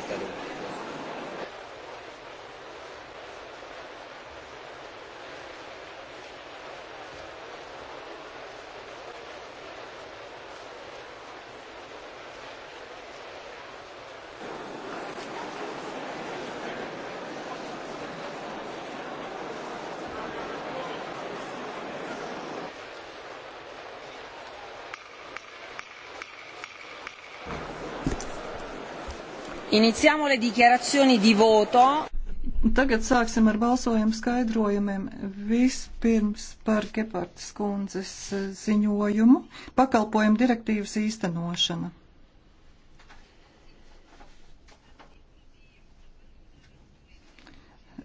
けたり Iniziamo le dichiarazioni di voto. Tagad sāksim ar balsojumu skaidrojumiem. Vispirms par Gepartas kundzes eh, ziņojumu - pakalpojumu direktīvas īstenošana.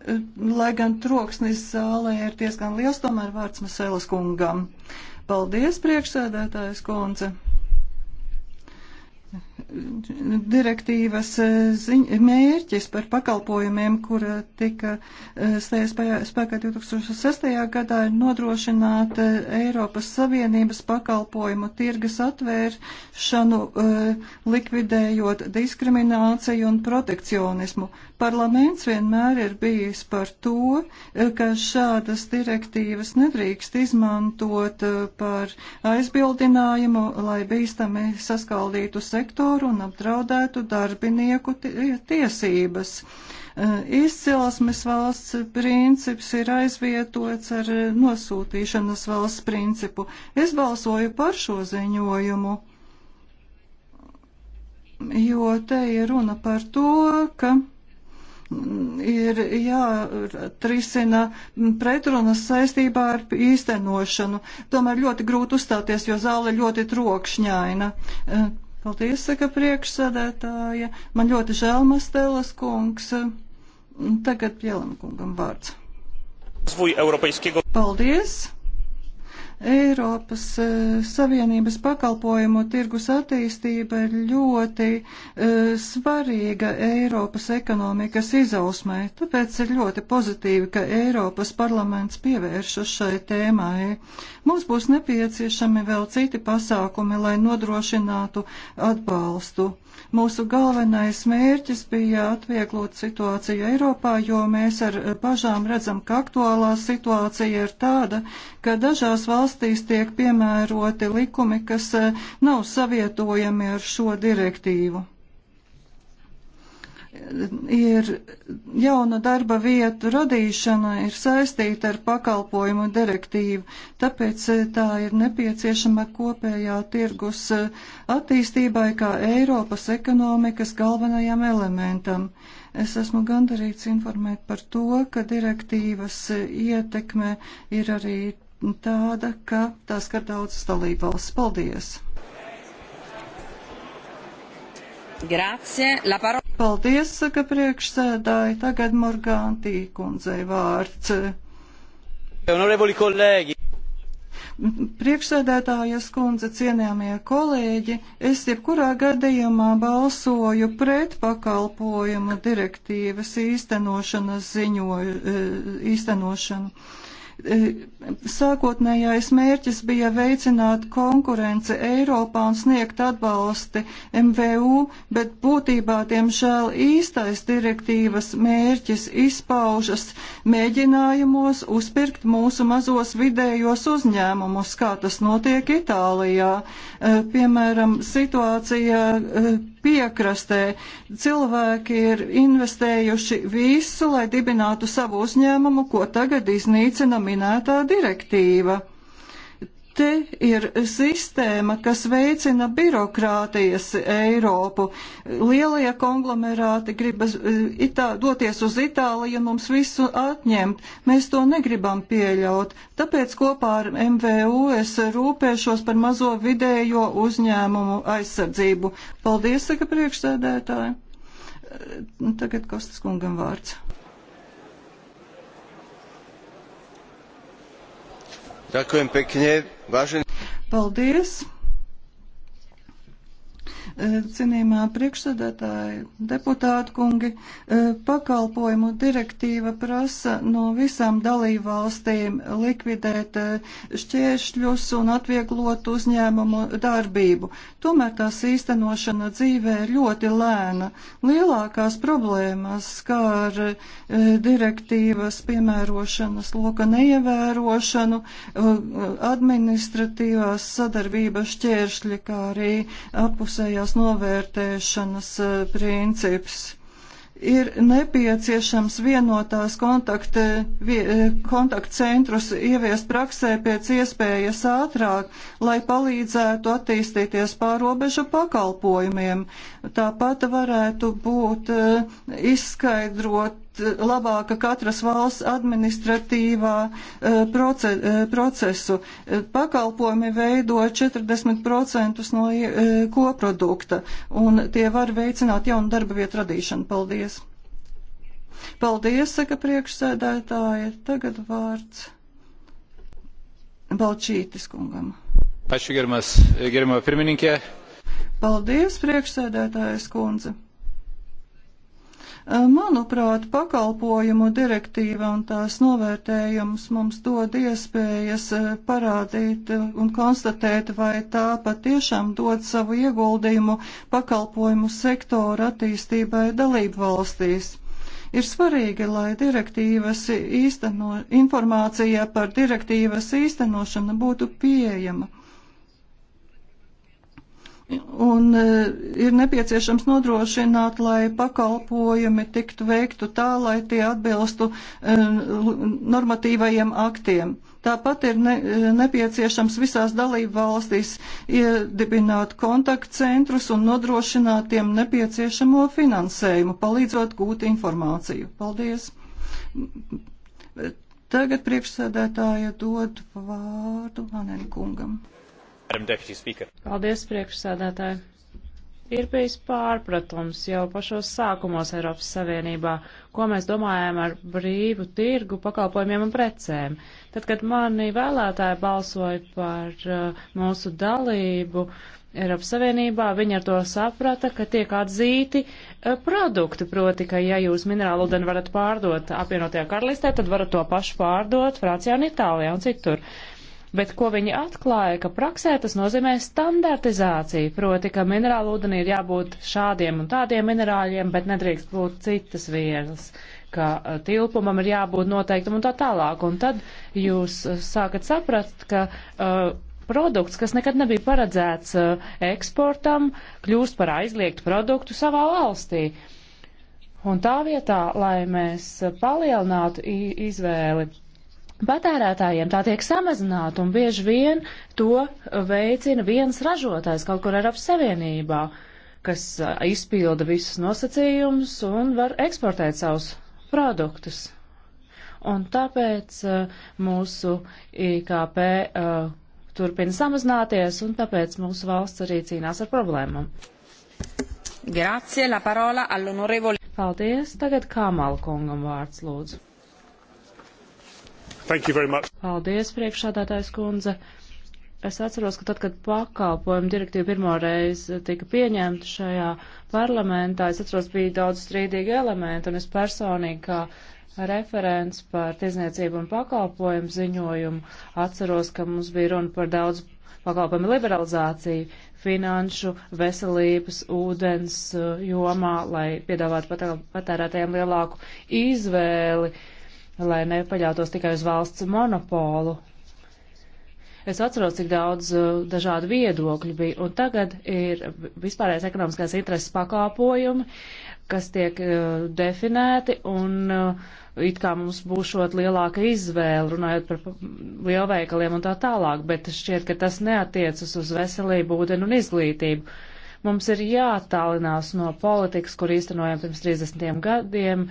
Eh, lai gan troksnis zālē ir diezgan liels, tomēr vārds Maselas kungam. Paldies, priekšsēdētājs kundze! direktīvas eh, ziņ, mērķis par pakalpojumiem, kura eh, tika eh, stājies spēkā 2006. gadā, ir nodrošināt Eiropas Savienības pakalpojumu tirgas atvēršanu, likvidējot diskrimināciju un protekcionismu. Parlaments vienmēr ir bijis par to, ka šādas direktīvas nedrīkst izmantot par aizbildinājumu, lai bīstami saskaldītu sektoru saturu un apdraudētu darbinieku tiesības. E, izcelsmes valsts princips ir aizvietots ar nosūtīšanas valsts principu. Es balsoju par šo ziņojumu, jo te ir runa par to, ka ir jāatrisina pretrunas saistībā ar īstenošanu. Tomēr ļoti grūti uzstāties, jo zāle ļoti trokšņaina. E, Paldies, saka priekšsēdētāja. Man ļoti žēl, Mastēlas kungs. Tagad Pielam kungam vārds. Paldies! Eiropas e, Savienības pakalpojumu tirgus attīstība ir ļoti e, svarīga Eiropas ekonomikas izausmē, tāpēc ir ļoti pozitīvi, ka Eiropas parlaments pievēršas šai tēmai. Mums būs nepieciešami vēl citi pasākumi, lai nodrošinātu atbalstu. Mūsu galvenais mērķis bija atvieglot situāciju Eiropā, jo mēs ar bažām redzam, ka aktuālā situācija ir tāda, ka dažās valstīs tiek piemēroti likumi, kas nav savietojami ar šo direktīvu ir jauna darba vietu radīšana ir saistīta ar pakalpojumu direktīvu, tāpēc eh, tā ir nepieciešama kopējā tirgus eh, attīstībai kā Eiropas ekonomikas galvenajam elementam. Es esmu gandarīts informēt par to, ka direktīvas eh, ietekme ir arī tāda, ka tās skar daudzas dalībvalsts. Paldies! Grazie. La parola. Paldies, saka priekšsēdāji. Tagad Morgantī kundzei vārds. Honorevoli kolēģi. Priekšsēdētājas kundze, cienījamie kolēģi, es jebkurā gadījumā balsoju pret pakalpojuma direktīvas īstenošanas ziņoju, eh, īstenošanu E, sākotnējais mērķis bija veicināt konkurenci Eiropā un sniegt atbalsti MVU, bet būtībā, diemžēl, īstais direktīvas mērķis izpaužas mēģinājumos uzpirkt mūsu mazos vidējos uzņēmumus, kā tas notiek Itālijā. E, piemēram, situācija e, piekrastē. Cilvēki ir investējuši visu, lai dibinātu savu uzņēmumu, ko tagad iznīcina minētā direktīva. Te ir sistēma, kas veicina birokrātijas Eiropu. Lielie konglomerāti gribas eh, itā, doties uz Itāliju un mums visu atņemt. Mēs to negribam pieļaut. Tāpēc kopā ar MVU es rūpēšos par mazo vidējo uzņēmumu aizsardzību. Paldies, saka priekšsēdētāji. Eh, tagad Kostas kungam vārds. Ďakujem pekne. Vážený... Paldies! Eh, cienījumā priekšsēdētāji, deputāti kungi, eh, pakalpojumu direktīva prasa no visām dalībvalstīm likvidēt eh, šķēršļus un atvieglot uzņēmumu darbību. Tomēr tās īstenošana dzīvē ir ļoti lēna. Lielākās problēmas skār direktīvas piemērošanas loka neievērošanu, administratīvās sadarbības šķēršļi, kā arī apusējā savstarpējās novērtēšanas e, princips ir nepieciešams vienotās kontakte, e, kontaktcentrus ieviest praksē pēc iespējas ātrāk, lai palīdzētu attīstīties pārobežu pakalpojumiem. Tāpat varētu būt e, izskaidrot labāka katras valsts administratīvā e, proce, e, procesu. E, pakalpojumi veido 40% no koprodukta, un tie var veicināt jaunu darba vietu radīšanu. Paldies! Paldies, saka priekšsēdētāja. Tagad vārds Balčītis kungam. Ačiū, gerbiamas pirmininkė. Paldies, priekšsēdētājas kundze. Manuprāt, pakalpojumu direktīva un tās novērtējums mums dod iespējas eh, parādīt eh, un konstatēt, vai tā patiešām dod savu ieguldījumu pakalpojumu sektora attīstībai dalību valstīs ir svarīgi, lai direktīvas īsteno, informācija par direktīvas īstenošanu būtu pieejama. Un e, ir nepieciešams nodrošināt, lai pakalpojumi tiktu veiktu tā, lai tie atbilstu e, normatīvajiem aktiem. Tāpat ir ne, e, nepieciešams visās dalību valstīs iedibināt kontaktcentrus un nodrošināt tiem nepieciešamo finansējumu, palīdzot gūt informāciju. Paldies! Tagad priekšsēdētāja dod vārdu Vanenkungam. Paldies, priekšsēdētāji. Ir bijis pārpratums jau pašos sākumos Eiropas Savienībā, ko mēs domājam ar brīvu tirgu pakalpojumiem un precēm. Tad, kad mani vēlētāji balsoja par uh, mūsu dalību, Eiropas Savienībā, viņi ar to saprata, ka tiek atzīti uh, produkti, proti, ka ja jūs minerālu ūdeni varat pārdot apvienotajā karalistē, tad varat to pašu pārdot Francijā un Itālijā un citur bet ko viņi atklāja, ka praksē tas nozīmē standartizāciju, proti, ka minerālu ūdenī ir jābūt šādiem un tādiem minerāļiem, bet nedrīkst būt citas vielas, ka uh, tilpumam ir jābūt noteiktam un tā tālāk. Un tad jūs uh, sākat saprast, ka uh, produkts, kas nekad nebija paredzēts uh, eksportam, kļūst par aizliegtu produktu savā valstī. Un tā vietā, lai mēs palielinātu izvēli patērētājiem tā tiek samazināta un bieži vien to veicina viens ražotājs kaut kur Eiropas Savienībā, kas izpilda visus nosacījumus un var eksportēt savus produktus. Un tāpēc mūsu IKP turpina samazināties un tāpēc mūsu valsts arī cīnās ar problēmām. Grazie, la parola all'onorevole. Paldies, tagad Kāmal kungam vārds lūdzu. Paldies, priekšādātājs kundze. Es atceros, ka tad, kad pakalpojumu direktīva pirmo reizi tika pieņemta šajā parlamentā, es atceros, bija daudz strīdīgi elementi, un es personīgi kā referents par tirzniecību un pakalpojumu ziņojumu atceros, ka mums bija runa par daudz pakalpojumu liberalizāciju finanšu, veselības, ūdens uh, jomā, lai piedāvātu patērētājiem lielāku izvēli. Uh, lai nepaļautos tikai uz valsts monopolu. Es atceros, cik daudz uh, dažādu viedokļu bija, un tagad ir vispārējais ekonomiskās intereses pakāpojumi, kas tiek uh, definēti, un uh, it kā mums būšot lielāka izvēle, runājot par lielveikaliem un tā tālāk, bet šķiet, ka tas neatiecas uz veselību, ūdeni un izglītību. Uh, Mums ir jātālinās no politikas, kur īstenojam pirms 30 gadiem,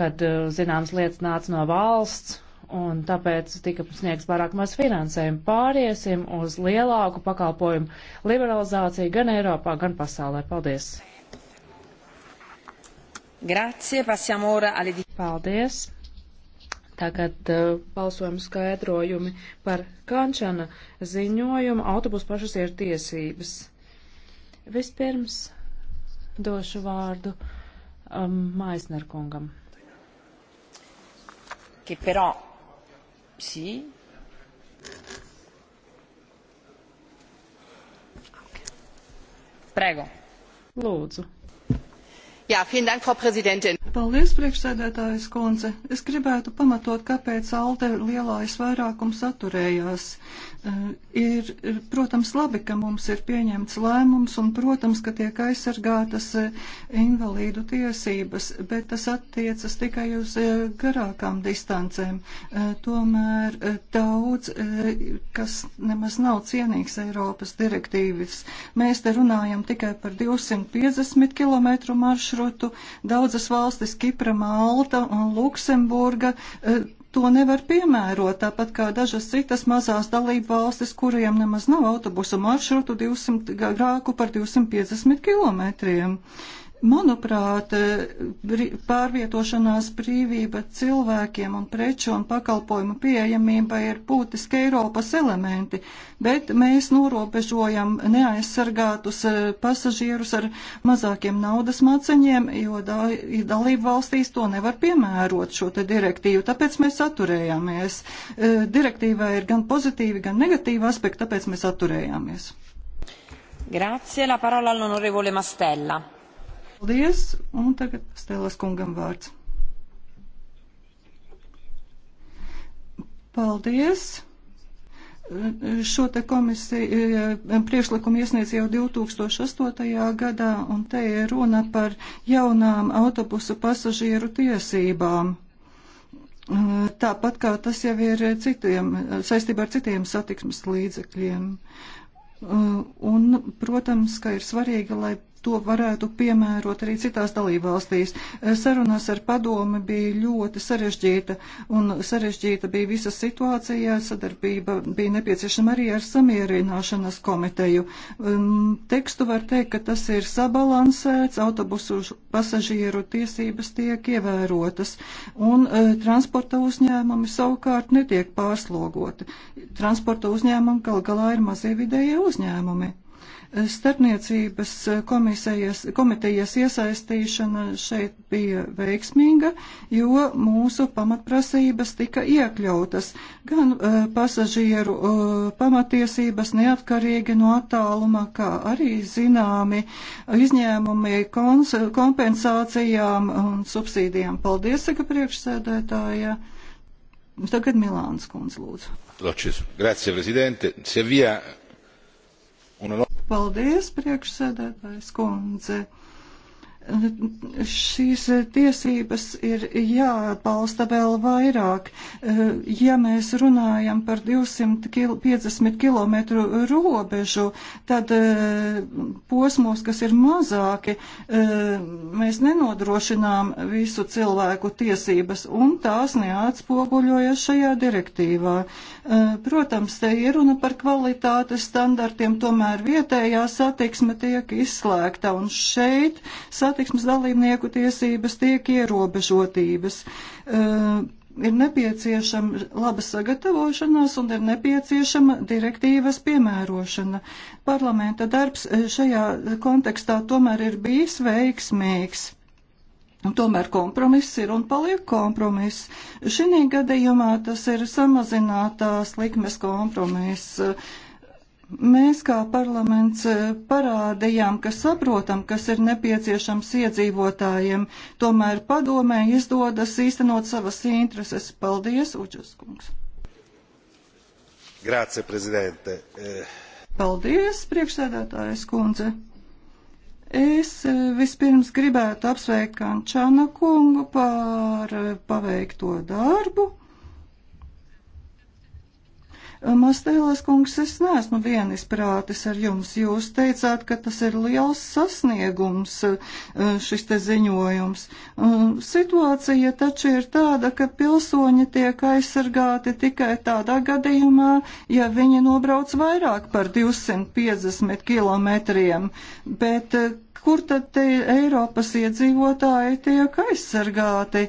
kad uh, zināmas lietas nāca no valsts, un tāpēc tika sniegts pārāk maz finansējumu. Pāriesim uz lielāku pakalpojumu liberalizāciju gan Eiropā, gan pasaulē. Paldies! Grazie, passiamo ora alle... Paldies! Tagad uh, balsojumu skaidrojumi par Kančana ziņojumu autobusu pašas ir tiesības. Vispirms došu vārdu um, Maisner kungam. Che però, sì, Prego. Lūdzu. Jā, dank, Frau Präsidentin. Paldies, priekšsēdētājas kundze. Es gribētu pamatot, kāpēc Alde lielais vairākums atturējās. Eh, ir, eh, protams, labi, ka mums ir pieņemts lēmums un, protams, ka tiek aizsargātas eh, invalīdu tiesības, bet tas attiecas tikai uz garākām distancēm. Tomēr daudz, kas nemaz nav cienīgs Eiropas direktīvas. Mēs te runājam tikai par 250 km maršrutu. Daudzas valstis, Kipra, Malta un Luksemburga, to nevar piemērot, tāpat kā dažas citas mazās dalība valstis, kuriem nemaz nav autobusu maršrutu 200 grāku par 250 kilometriem. Manuprāt, pārvietošanās brīvība cilvēkiem un preču un pakalpojumu pieejamība ir būtiski Eiropas elementi, bet mēs norobežojam neaizsargātus eh, pasažierus ar mazākiem naudas maceņiem, jo dalību valstīs to nevar piemērot šo te direktīvu, tāpēc mēs atturējāmies. Eh, direktīvā ir gan pozitīvi, gan negatīvi aspekti, tāpēc mēs atturējāmies. Grazie, la parola all'onorevole Mastella. Paldies, un tagad Stēlas kungam vārds. Paldies! Šo te komisiju priekšlikumu iesniedz jau 2008. gadā, un te ir runa par jaunām autobusu pasažieru tiesībām. Tāpat kā tas jau ir citiem, saistībā ar citiem satiksmes līdzekļiem. Un, protams, ka ir svarīgi, lai to varētu piemērot arī citās dalībvalstīs. Sarunās ar padomi bija ļoti sarežģīta, un sarežģīta bija visa situācija, sadarbība bija nepieciešama arī ar samierināšanas komiteju. Um, tekstu var teikt, ka tas ir sabalansēts, autobusu pasažieru tiesības tiek ievērotas, un uh, transporta uzņēmumi savukārt netiek pārslogoti. Transporta uzņēmumi gal galā ir mazie vidējie uzņēmumi. Starpniecības komitejas iesaistīšana šeit bija veiksmīga, jo mūsu pamatprasības tika iekļautas gan eh, pasažieru eh, pamatiesības neatkarīgi no attāluma, kā arī zināmi izņēmumi kompensācijām un subsīdijām. Paldies, saka priekšsēdētāja. Tagad Milāns kundze lūdzu. Grazie, prezidente. Sevija Paldies, priekšsēdētājs kundze. Šīs tiesības ir jāatbalsta vēl vairāk. Eh, ja mēs runājam par 250 km robežu, tad eh, posmos, kas ir mazāki, eh, mēs nenodrošinām visu cilvēku tiesības, un tās neatspoguļojas šajā direktīvā. Protams, te ir runa par kvalitātes standartiem, tomēr vietējā satiksme tiek izslēgta, un šeit satiksme satiksmes dalībnieku tiesības, tiek ierobežotības. Uh, ir nepieciešama laba sagatavošanās un ir nepieciešama direktīvas piemērošana. Parlamenta darbs eh, šajā kontekstā tomēr ir bijis veiksmīgs. Un tomēr kompromiss ir un paliek kompromiss. Šī gadījumā tas ir samazinātās likmes kompromiss. Uh, Mēs kā parlaments eh, parādījām, ka saprotam, kas ir nepieciešams iedzīvotājiem, tomēr padomē izdodas īstenot savas intereses. Paldies, Uģus kungs! Grāce, prezidente! Eh. Paldies, priekšsēdētājas kundze! Es eh, vispirms gribētu apsveikt Kančāna kungu par paveikto darbu. Mastēlas kungs, es neesmu vienisprātis ar jums. Jūs teicāt, ka tas ir liels sasniegums, uh, šis te ziņojums. Uh, situācija taču ir tāda, ka pilsoņi tiek aizsargāti tikai tādā gadījumā, ja viņi nobrauc vairāk par 250 kilometriem. Bet uh, kur tad Eiropas iedzīvotāji tiek aizsargāti?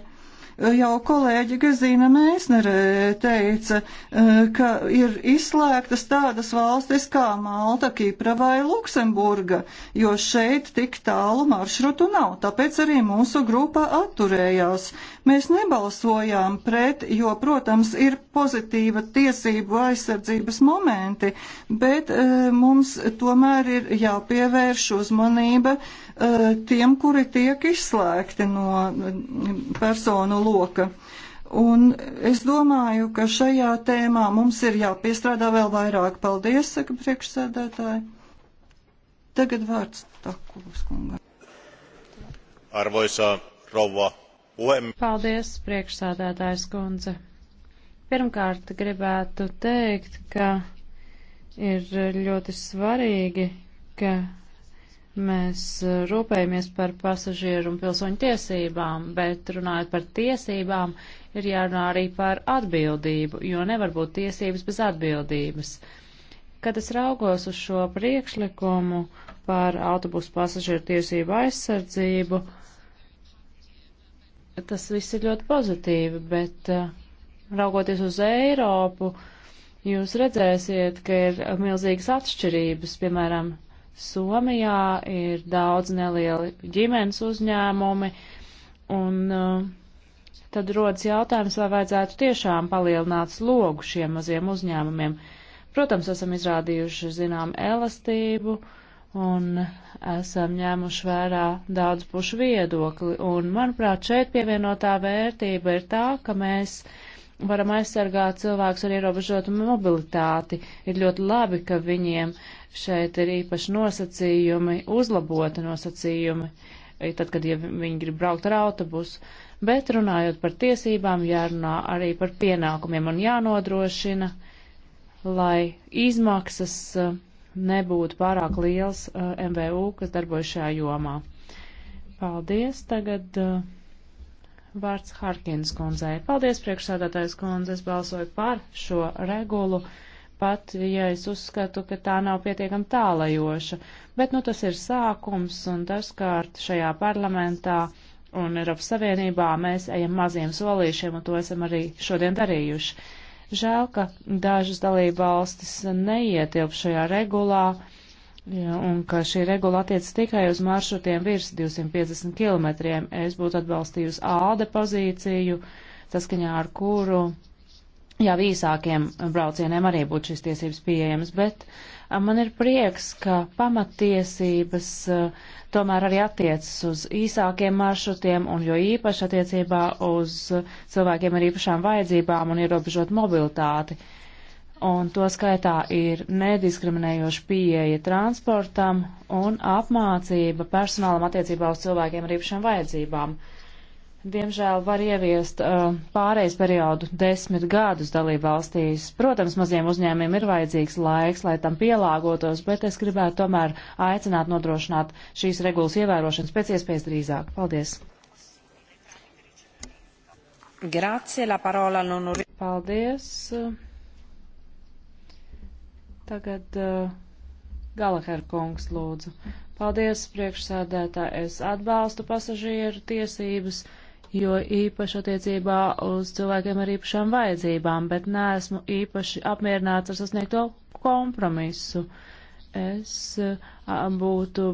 Jau kolēģi Gazīna Mēsnerē teica, eh, ka ir izslēgtas tādas valstis kā Malta, Kipra vai Luksemburga, jo šeit tik tālu maršrutu nav, tāpēc arī mūsu grupa atturējās. Mēs nebalsojām pret, jo, protams, ir pozitīva tiesību aizsardzības momenti, bet eh, mums tomēr ir jāpievērš uzmanība uh, Uh, tiem, kuri tiek izslēgti no personu loka. Un es domāju, ka šajā tēmā mums ir jāpiestrādā vēl vairāk. Paldies, saka priekšsēdētāji. Tagad vārds Takulas kungam. Arvoisa rouva puhemies. Paldies, priekšsādātājs kundze. Pirmkārt, gribētu teikt, ka ir ļoti svarīgi, ka Mēs eh, rūpējamies par pasažieru un pilsoņu tiesībām, bet runājot par tiesībām, ir jārunā arī par atbildību, jo nevar būt tiesības bez atbildības. Kad es raugos uz šo priekšlikumu par autobusu pasažieru tiesību aizsardzību, tas viss ir ļoti pozitīvi, bet eh, raugoties uz Eiropu, jūs redzēsiet, ka ir milzīgas atšķirības, piemēram, Somijā ir daudz nelieli ģimenes uzņēmumi, un uh, tad rodas jautājums, vai vajadzētu tiešām palielināt slogu šiem maziem uzņēmumiem. Protams, esam izrādījuši zinām elastību un esam ņēmuši vērā daudz pušu viedokli, un, manuprāt, šeit pievienotā vērtība ir tā, ka mēs varam aizsargāt cilvēkus ar ierobežotu mobilitāti. Ir ļoti labi, ka viņiem uh, Šeit ir īpaši nosacījumi, uzlabota nosacījumi, tad, kad ja viņi grib braukt ar autobusu. Bet runājot par tiesībām, jārunā arī par pienākumiem un jānodrošina, lai izmaksas e, nebūtu pārāk liels e, MVU, kas darbojas šajā jomā. Paldies. Tagad uh, vārds Harkins kundzei. Paldies, priekšsādātājs kundze. Es balsoju par šo regulu, pat ja es uzskatu, ka tā nav pietiekami tālajoša. Bet nu, tas ir sākums, un dažkārt šajā parlamentā un Eiropas Savienībā mēs ejam maziem solīšiem, un to esam arī šodien darījuši. Žēl, ka dažas dalība valstis neietilp šajā regulā, un ka šī regula attiec tikai uz maršrutiem virs 250 km. Es būtu atbalstījusi ALDE pozīciju, saskaņā ar kuru jau īsākiem braucieniem arī būtu šīs tiesības pieejamas, bet man ir prieks, ka pamattiesības tomēr arī attiecas uz īsākiem maršrutiem un jo īpaši attiecībā uz cilvēkiem ar īpašām vajadzībām un ierobežot mobilitāti. Un to skaitā ir nediskriminējoša pieeja transportam un apmācība personālam attiecībā uz cilvēkiem ar īpašām vajadzībām. Uh, diemžēl var ieviest uh, pārejas periodu desmit gadus dalību valstīs. Protams, maziem uzņēmiem ir vajadzīgs laiks, lai tam pielāgotos, bet es gribētu tomēr aicināt nodrošināt šīs regulas ievērošanas pēc iespējas drīzāk. Paldies! Grazie, la parola non... Paldies! Tagad uh, Galaher kungs lūdzu. Paldies, priekšsēdētā, es atbalstu pasažieru tiesības jo īpaši attiecībā uz cilvēkiem ar īpašām vajadzībām, bet neesmu īpaši apmierināts ar sasniegto kompromisu. Es būtu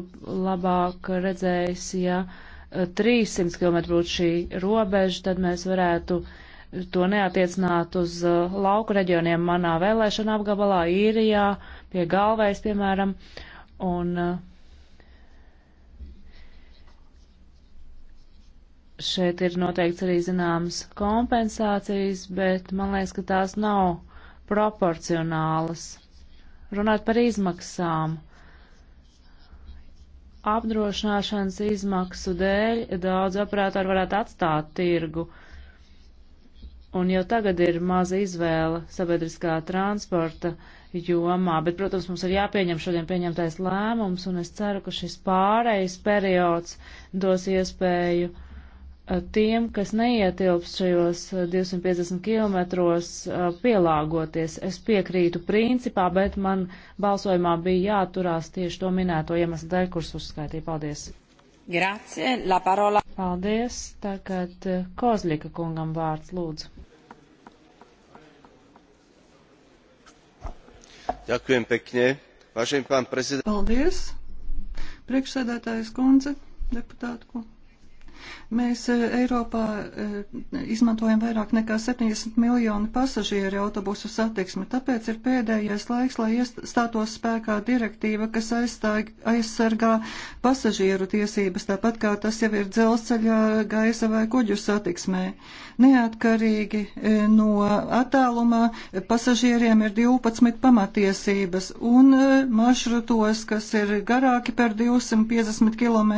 labāk redzējis, ja 300 km būtu šī robeža, tad mēs varētu to neatiecināt uz lauku reģioniem manā vēlēšana apgabalā, īrijā, pie galvais, piemēram, un uh, Šeit ir noteikts arī zināmas kompensācijas, bet man liekas, ka tās nav proporcionālas. Runāt par izmaksām apdrošināšanas izmaksu dēļ daudz operatori varētu atstāt tirgu. Un jau tagad ir maza izvēle sabiedriskā transporta jomā, bet, protams, mums ir jāpieņem šodien pieņemtais lēmums, un es ceru, ka šis pārejas periods dos iespēju uh, tiem, kas neietilpst šajos 250 eh, kilometros, eh, pielāgoties. Es piekrītu principā, bet man balsojumā bija jāturās tieši to minēto iemeslu dēļ, kurus uzskaitīja. Paldies! Grazie, la parola. Paldies. Tagad eh, Kozlika kungam vārds lūdzu. Ďakujem pekne. Vážený pán prezident. Paldies. Priekšsēdētājas kundze, deputātku. Mēs eh, Eiropā eh, izmantojam vairāk nekā 70 miljonu pasažieru autobusu satiksmi, tāpēc ir pēdējais laiks, lai iestātos spēkā direktīva, kas aizstāj, aizsargā pasažieru tiesības, tāpat kā tas jau ir dzelzceļā, gaisa vai kuģu satiksmē. Neatkarīgi eh, no attālumā pasažieriem ir 12 pamatiesības un maršrutos, kas ir garāki par 250 km,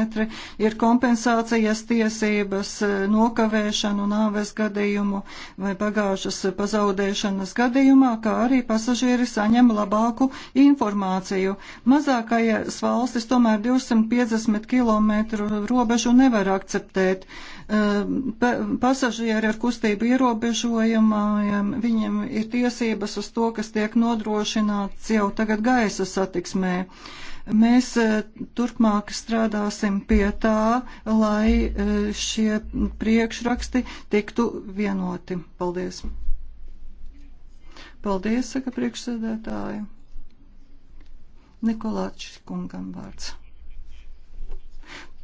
ir kompensācijas tiesības tirdzniecības eh, nokavēšanu nāves gadījumu vai bagāžas pazaudēšanas gadījumā, kā arī pasažieri saņem labāku informāciju. Mazākajās valstis tomēr 250 km robežu nevar akceptēt. Eh, pa, pasažieri ar kustību ierobežojumiem, viņiem ir tiesības uz to, kas tiek nodrošināts jau tagad gaisa satiksmē. Uh, Mēs e, turpmāk strādāsim pie tā, lai e, šie priekšraksti tiktu vienoti. Paldies! Paldies, saka priekšsēdētāja. Nikolāčs kungam vārds.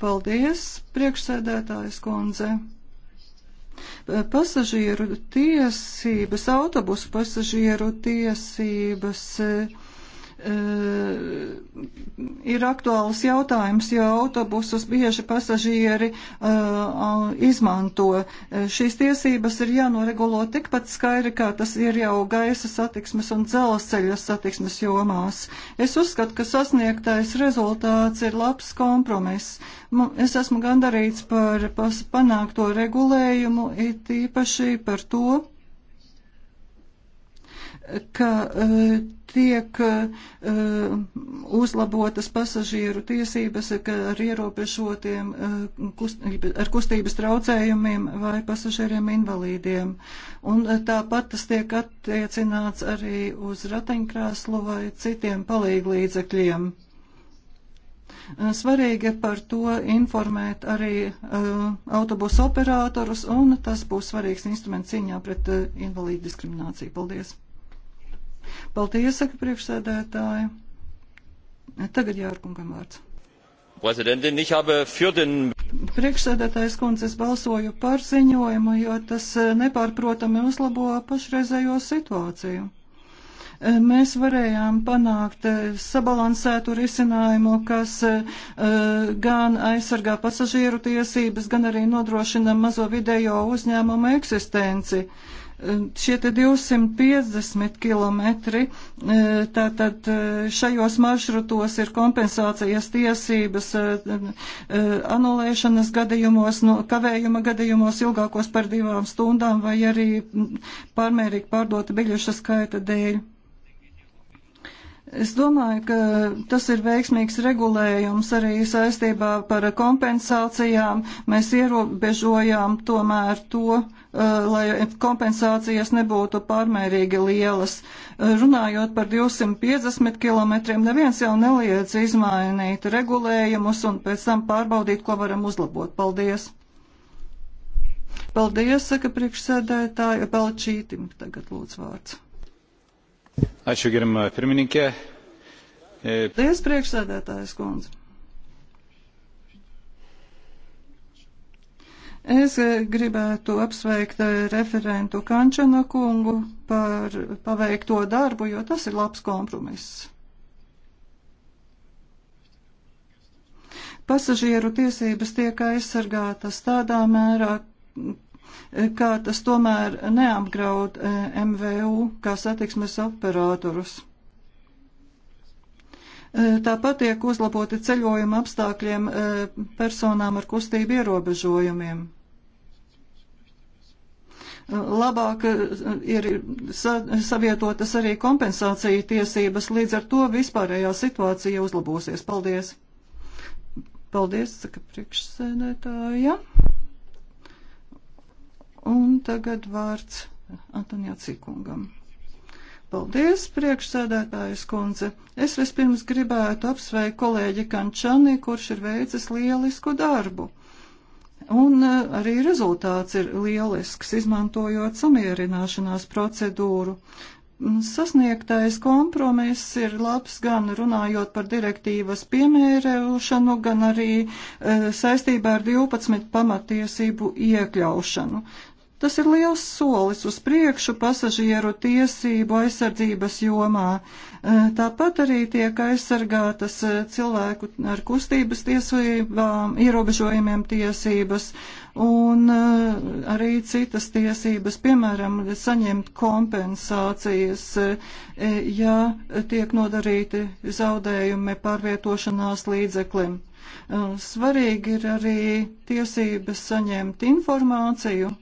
Paldies, priekšsēdētājas kundze e, pasažieru tiesības, autobusu pasažieru tiesības. Uh, Eh, ir aktuāls jautājums, jo autobusus bieži pasažieri eh, izmanto. Eh, šīs tiesības ir jānoregulo tikpat skaidri, kā tas ir jau gaisa satiksmes un dzelzceļa satiksmes jomās. Es uzskatu, ka sasniegtais rezultāts ir labs kompromiss. Es esmu gandarīts par panākto regulējumu, it īpaši par to, ka tiek uh, uzlabotas pasažieru tiesības ar ierobežotiem, uh, eh, kustība, ar kustības traucējumiem vai pasažieriem invalīdiem. Un uh, tāpat tas tiek attiecināts arī uz rateņkrēslu vai citiem palīglīdzekļiem. Svarīgi par to informēt arī uh, autobusu operatorus, un tas būs svarīgs instruments cīņā pret uh, invalīdu diskrimināciju. Paldies! Paldies, saka priekšsēdētāji. Tagad jārkungam vārds. Präsidentin, ich habe für den Priekšsēdētājs kundze, es balsoju par ziņojumu, jo tas eh, nepārprotami uzlabo pašreizējo situāciju eh, mēs varējām panākt eh, sabalansētu risinājumu, kas gan aizsargā pasažieru tiesības, gan arī nodrošina mazo vidējo uzņēmumu eksistenci Ehm, šie 250 km, ehm, tātad ehm, šajos maršrutos ir kompensācijas tiesības anulēšanas gadījumos, no kavējuma gadījumos ilgākos par divām stundām vai arī pārmērīgi pārdota biļešu skaita dēļ. Es domāju, ka tas ir veiksmīgs regulējums arī saistībā par kompensācijām. Mēs ierobežojām tomēr to, eh, lai kompensācijas nebūtu pārmērīgi lielas. Eh, runājot par 250 km, neviens jau neliedz izmainīt regulējumus un pēc tam pārbaudīt, ko varam uzlabot. Paldies! Paldies, saka priekšsēdētāja Balčītim, tagad lūdzu vārds. Ačiū, gerimā pirmininkė. E, Paldies, priekšsēdētājs kundze. Es gribētu apsveikt referentu Kančana kungu par paveikto darbu, jo tas ir labs kompromiss. Pasažieru tiesības tiek aizsargātas tādā mērā, kā tas tomēr neapgraud e, MVU kā satiksmes operatorus. E, tāpat tiek uzlaboti ceļojuma apstākļiem e, personām ar kustību ierobežojumiem. Labāk ir savietotas arī kompensācija tiesības, līdz ar to vispārējā situācija uzlabosies. Paldies! Paldies, saka priekšsēdētāja. Un tagad vārds Antonijā Cikungam. Paldies, priekšsēdētājas kundze. Es vispirms gribētu apsveikt kolēģi Kančani, kurš ir veicis lielisku darbu. Un eh, arī rezultāts ir lielisks, izmantojot samierināšanās procedūru. Mm, sasniegtais kompromiss ir labs gan runājot par direktīvas piemērēšanu, gan arī e, saistībā ar 12 pamatiesību iekļaušanu. Tas ir liels solis uz priekšu pasažieru tiesību aizsardzības jomā. E, tāpat arī tiek aizsargātas e, cilvēku ar kustības tiesībām, ierobežojumiem tiesības un e, arī citas tiesības, piemēram, saņemt kompensācijas, ja tiek nodarīti zaudējumi pārvietošanās līdzeklim. Svarīgi ir arī tiesības saņemt informāciju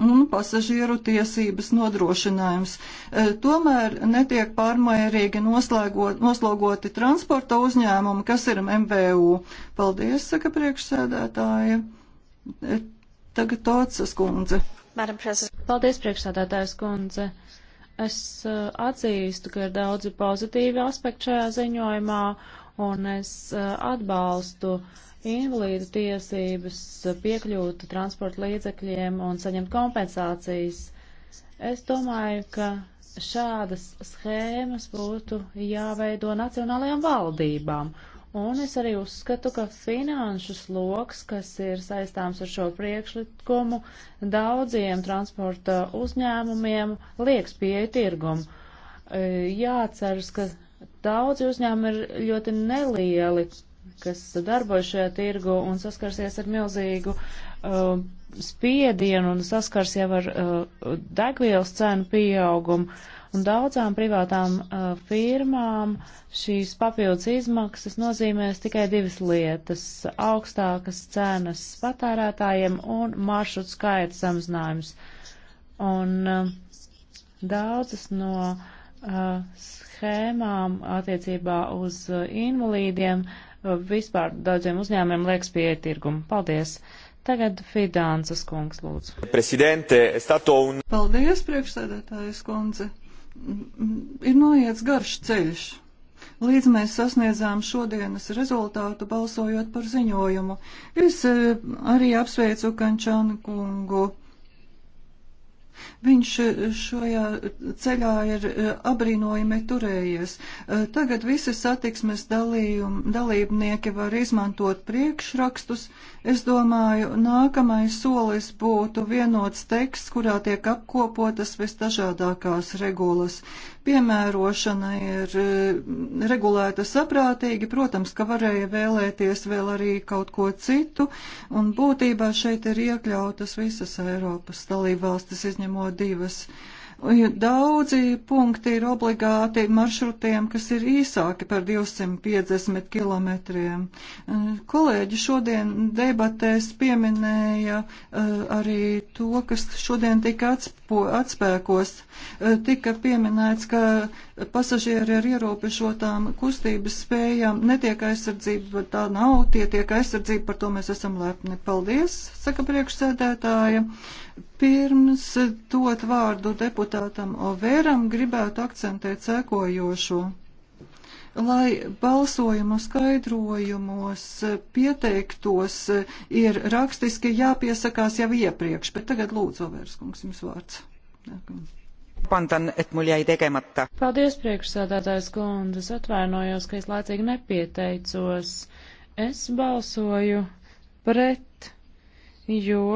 un pasažieru tiesības nodrošinājums. E, tomēr netiek pārmērīgi noslogoti transporta uzņēmumi, kas ir MVU. Paldies, saka priekšsēdētāja. E, tagad Tocas kundze. Paldies, priekšsēdētājas kundze. Es e, atzīstu, ka ir daudzi pozitīvi aspekti šajā ziņojumā, un es atbalstu uh, invalīdu tiesības piekļūt transporta līdzekļiem un saņemt kompensācijas. Es domāju, ka šādas schēmas būtu jāveido nacionālajām valdībām. Un es arī uzskatu, ka finanšu sloks, kas ir saistāms ar šo priekšlikumu, daudziem transporta uzņēmumiem liekas pieeja tirgumu. E, jāceras, ka daudzi uzņēmumi ir ļoti nelieli kas darbojas šajā tirgu un saskarsies ar milzīgu uh, spiedienu un saskars jau ar uh, degvielas cenu pieaugumu. Un daudzām privātām uh, firmām šīs papildus izmaksas nozīmēs tikai divas lietas - augstākas cenas patērētājiem un maršrutu skaita samazinājums. Un uh, daudzas no uh, schēmām attiecībā uz uh, invalīdiem uh, vispār daudziem uzņēmiem liekas pieeja tirgumu. Paldies! Tagad Fidānsas kungs lūdzu. Presidente, stato un... Paldies, priekšsēdētājas kundze. Ir noiets garš ceļš. Līdz mēs sasniedzām šodienas rezultātu balsojot par ziņojumu. Es eh, arī apsveicu Kančānu kungu Viņš e, šajā ceļā ir e, abrīnojami turējies. E, tagad visi satiksmes dalījum, dalībnieki var izmantot priekšrakstus, Es domāju, nākamais solis būtu vienots teksts, kurā tiek apkopotas visdažādākās regulas. Piemērošana ir eh, regulēta saprātīgi, protams, ka varēja vēlēties vēl arī kaut ko citu, un būtībā šeit ir iekļautas visas Eiropas dalībvalstis, izņemot divas. Uh, Daudzi punkti ir obligāti maršrutiem, kas ir īsāki par 250 km. Eh, kolēģi šodien debatēs pieminēja eh, arī to, kas šodien tika atspo, atspēkos. Eh, tika pieminēts, ka pasažieri ar ierobežotām kustības spējām netiek aizsardzība, tā nav, tie tiek aizsardzība, par to mēs esam lepni. Paldies, saka priekšsēdētāja Pirms dot vārdu deputātam Overam, gribētu akcentēt sekojošo lai balsojumu skaidrojumos pieteiktos, ir rakstiski jāpiesakās jau iepriekš, bet tagad lūdzu, Vērskungs, jums vārds. Pantan, et mul jäi tegemata. Paldies, priekšsādātājs kundze, es atvainojos, ka es laicīgi nepieteicos. Es balsoju pret, jo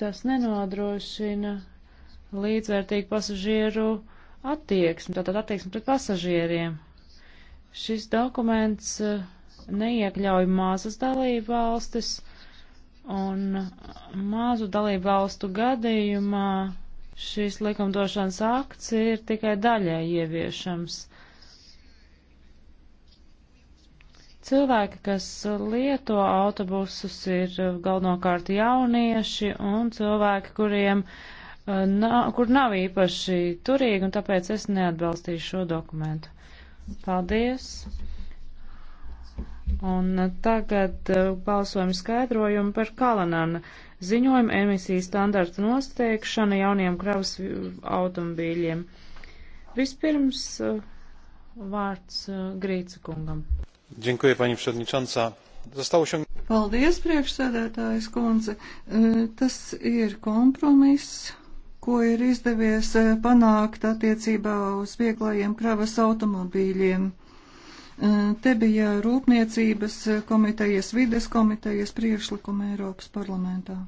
tas nenodrošina līdzvērtīgu pasažieru attieksmi, tātad attieksmi pret pasažieriem. Šis dokuments eh, neiekļauj mazas dalību valstis, un mazu dalību valstu gadījumā šis likumdošanas akts ir tikai daļai ieviešams. Cilvēki, kas lieto autobusus, ir uh, galvenokārt jaunieši un cilvēki, kuriem uh, nav, kur nav īpaši turīgi, un tāpēc es neatbalstīšu šo dokumentu. Paldies! Un uh, tagad balsojumu skaidrojumu par Kalanana ziņojumu emisiju standartu nosteikšana jauniem kravas automobīļiem. Vispirms vārds Grīca kungam. Dziękuję, pani przewodnicząca. Paldies, priekšsēdētājs kundze. E, tas ir kompromiss, ko ir izdevies e, panākt attiecībā uz vieglajiem kravas automobīļiem. E, te bija Rūpniecības komitejas, vides komitejas priekšlikuma Eiropas parlamentā.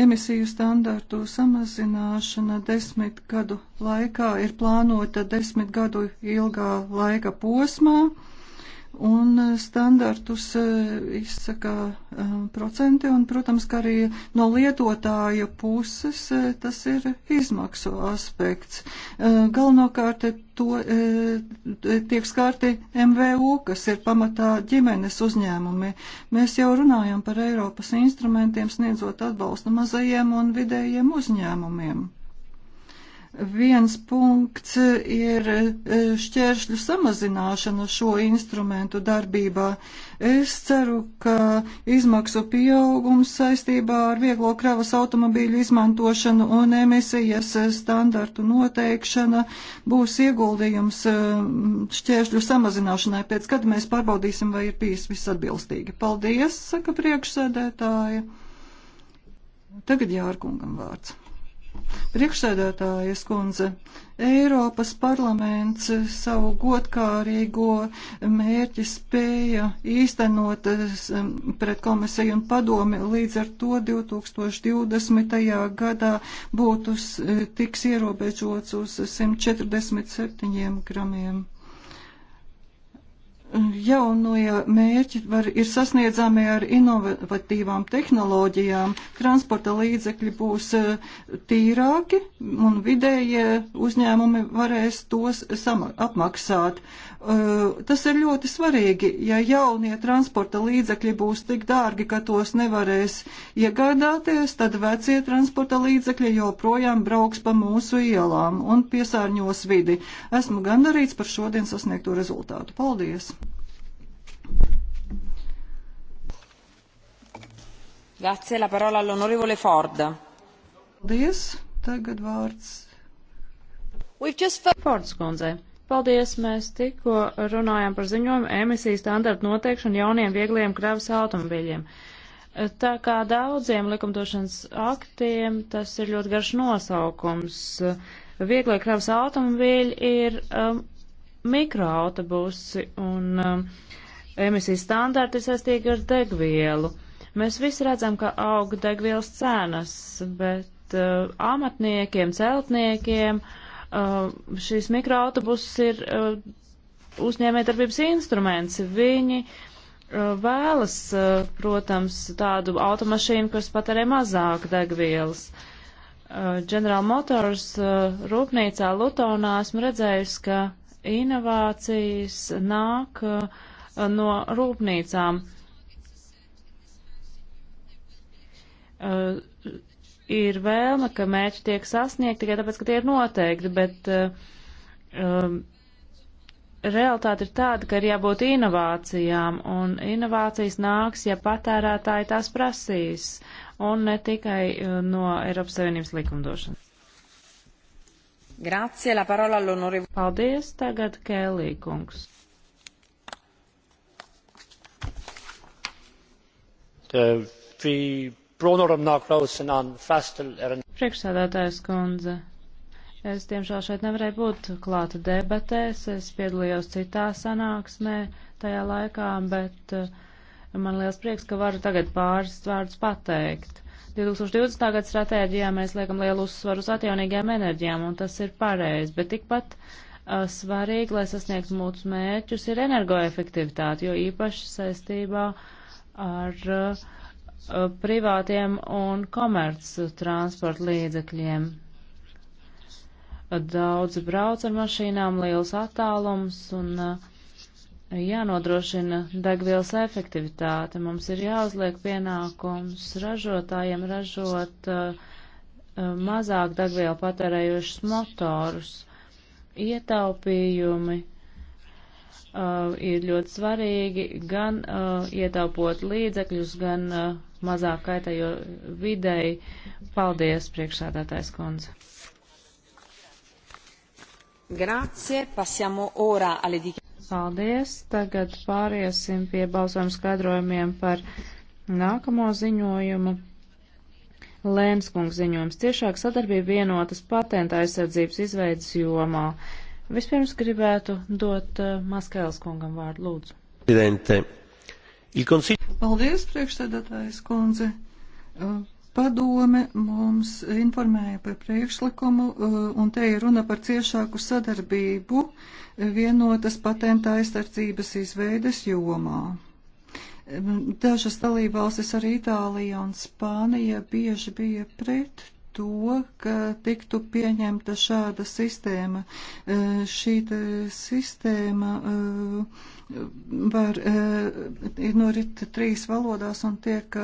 Emisiju standartu samazināšana desmit gadu laikā ir plānota desmit gadu ilgā laika posmā un eh, standartus eh, izsaka eh, procenti, un, protams, ka arī no lietotāja puses tas ir izmaksu aspekts. Galvenokārt to tiek skārti MVU, kas ir pamatā ģimenes uzņēmumi. Mēs jau runājam par Eiropas instrumentiem, sniedzot atbalstu mazajiem un vidējiem uzņēmumiem. Viens punkts ir e, šķēršļu samazināšana šo instrumentu darbībā. Es ceru, ka izmaksu pieaugums saistībā ar vieglo kravas automobīļu izmantošanu un emisijas standartu noteikšana būs ieguldījums e, šķēršļu samazināšanai, pēc kad mēs pārbaudīsim, vai ir bijis viss atbilstīgi. Paldies, saka priekšsēdētāja. Tagad jārkungam vārds. Priekšsēdētājas kundze, Eiropas parlaments savu godkārīgo mērķi spēja īstenot um, pret komisiju un padomi, līdz ar to 2020. gadā būtu eh, tiks ierobežots uz 147 gramiem. Jaunie mērķi var, ir sasniedzami ar inovatīvām tehnoloģijām. Transporta līdzekļi būs eh, tīrāki un vidējie uzņēmumi varēs tos sama, apmaksāt. Eh, tas ir ļoti svarīgi. Ja jaunie transporta līdzekļi būs tik dārgi, ka tos nevarēs iegādāties, tad vecie transporta līdzekļi joprojām brauks pa mūsu ielām un piesārņos vidi. Esmu gandarīts par šodien sasniegto rezultātu. Paldies! Grazie, la parola all'onorevole Ford. Paldies, tagad vārds. Just... Fords kundzei. Paldies, mēs tikko runājām par ziņojumu emisiju standartu noteikšanu jauniem viegliem kravas automobīļiem. Tā kā daudziem likumdošanas aktiem tas ir ļoti garš nosaukums. Vieglie kravas automobīļi ir um, mikroautobusi un um, emisijas standarti ir saistīgi ar degvielu. Mēs visi redzam, ka aug degvielas cenas, bet uh, amatniekiem, celtniekiem uh, šīs mikroautobuses ir uh, uzņēmētarbības instruments. Viņi uh, vēlas, uh, protams, tādu automašīnu, kas patērē mazāk degvielas. Uh, General Motors uh, rūpnīcā Lutonā esmu redzējusi, ka inovācijas nāk uh, no rūpnīcām. Uh, ir vēlme, ka mērķi tiek sasniegti tikai tāpēc, ka tie ir noteikti, bet uh, realitāte ir tāda, ka ir jābūt inovācijām, un inovācijas nāks, ja patērētāji tās prasīs, un ne tikai no Eiropas Savienības likumdošanas. Grazie, la parola all'onorevole. Paldies, tagad Kēlī kungs. Eh, er Priekšsēdētājs kundze, es tiemžēl šeit nevarēju būt klāta debatēs, es piedalījos citā sanāksmē tajā laikā, bet eh, man liels prieks, ka varu tagad pāris vārdus pateikt. 2020. gada stratēģijā mēs liekam lielu uzsvaru uz atjaunīgajām enerģijām, un tas ir pareizi, bet tikpat uh, svarīgi, lai sasniegtu mūsu mērķus, ir energoefektivitāte, jo īpaši saistībā ar uh, privātiem un komerc transporta līdzekļiem. Daudz brauc ar mašīnām, liels attālums un uh, jānodrošina degvielas efektivitāte. Mums ir jāuzliek pienākums ražotājiem ražot uh, uh mazāk degvielu patērējušus motorus. Ietaupījumi uh, ir ļoti svarīgi gan uh, ietaupot līdzekļus, gan uh, mazāk kaitējo videi. Paldies, priekšsādātājs kundze. Grazie, passiamo ora alle Paldies, tagad pāriesim pie balsojuma skaidrojumiem par nākamo ziņojumu. Lēnskungs ziņojums tiešāk sadarbība vienotas patenta aizsardzības izveidas jomā. Vispirms gribētu dot uh, Maskēlas kungam vārdu lūdzu. Paldies, priekšsēdētājs kundze. Uh, Padome mums informēja par priekšlikumu, eh, un te ir runa par ciešāku sadarbību vienotas patenta aizsardzības izveides jomā. Dažas dalībvalstis, arī Itālija un Spānija, bieži bija pret to, ka tiktu pieņemta šāda sistēma. E, šī e, sistēma e, var, ir norit trīs valodās un tiek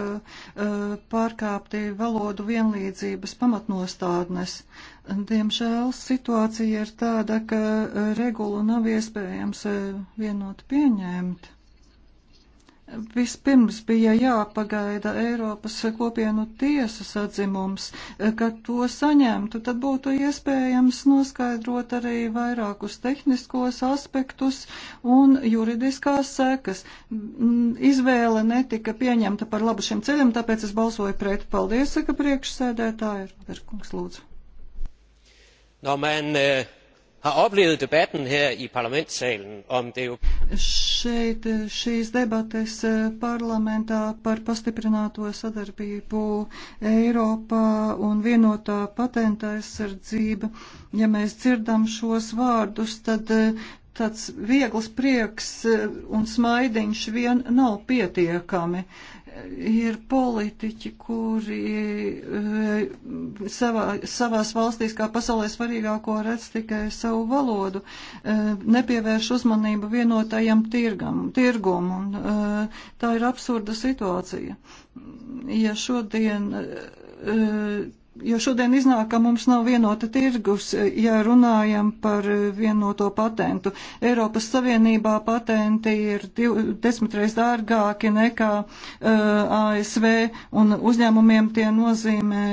pārkāpti valodu vienlīdzības pamatnostādnes. Diemžēl situācija ir tāda, ka regulu nav iespējams vienot pieņemt. Vispirms bija jāpagaida Eiropas kopienu tiesas atzimums, kad to saņemtu, tad būtu iespējams noskaidrot arī vairākus tehniskos aspektus un juridiskās sekas. Izvēle netika pieņemta par labu šim ceļam, tāpēc es balsoju pret. Paldies, saka priekšsēdētāja. Roberkungs, lūdzu. No, man, uh... Eh, har oplevet debatten her i parlamentssalen om det jo... Šeit eh, šīs debates eh, parlamentā par pastiprināto sadarbību Eiropā un vienotā patenta aizsardzība. Ja mēs dzirdam šos vārdus, tad eh, tāds viegls prieks un smaidiņš vien nav pietiekami. Uh, ir politiķi, kuri eh, savā, savās valstīs kā pasaulē svarīgāko redz tikai savu valodu, eh, nepievērš uzmanību vienotajam tirgam, tirgum, un eh, tā ir absurda situācija. Ja šodien Jo šodien iznāk, ka mums nav vienota tirgus, e, ja runājam par e, vienoto patentu. Eiropas Savienībā patenti ir div, desmitreiz dārgāki nekā uh, e, ASV, un uzņēmumiem tie nozīmē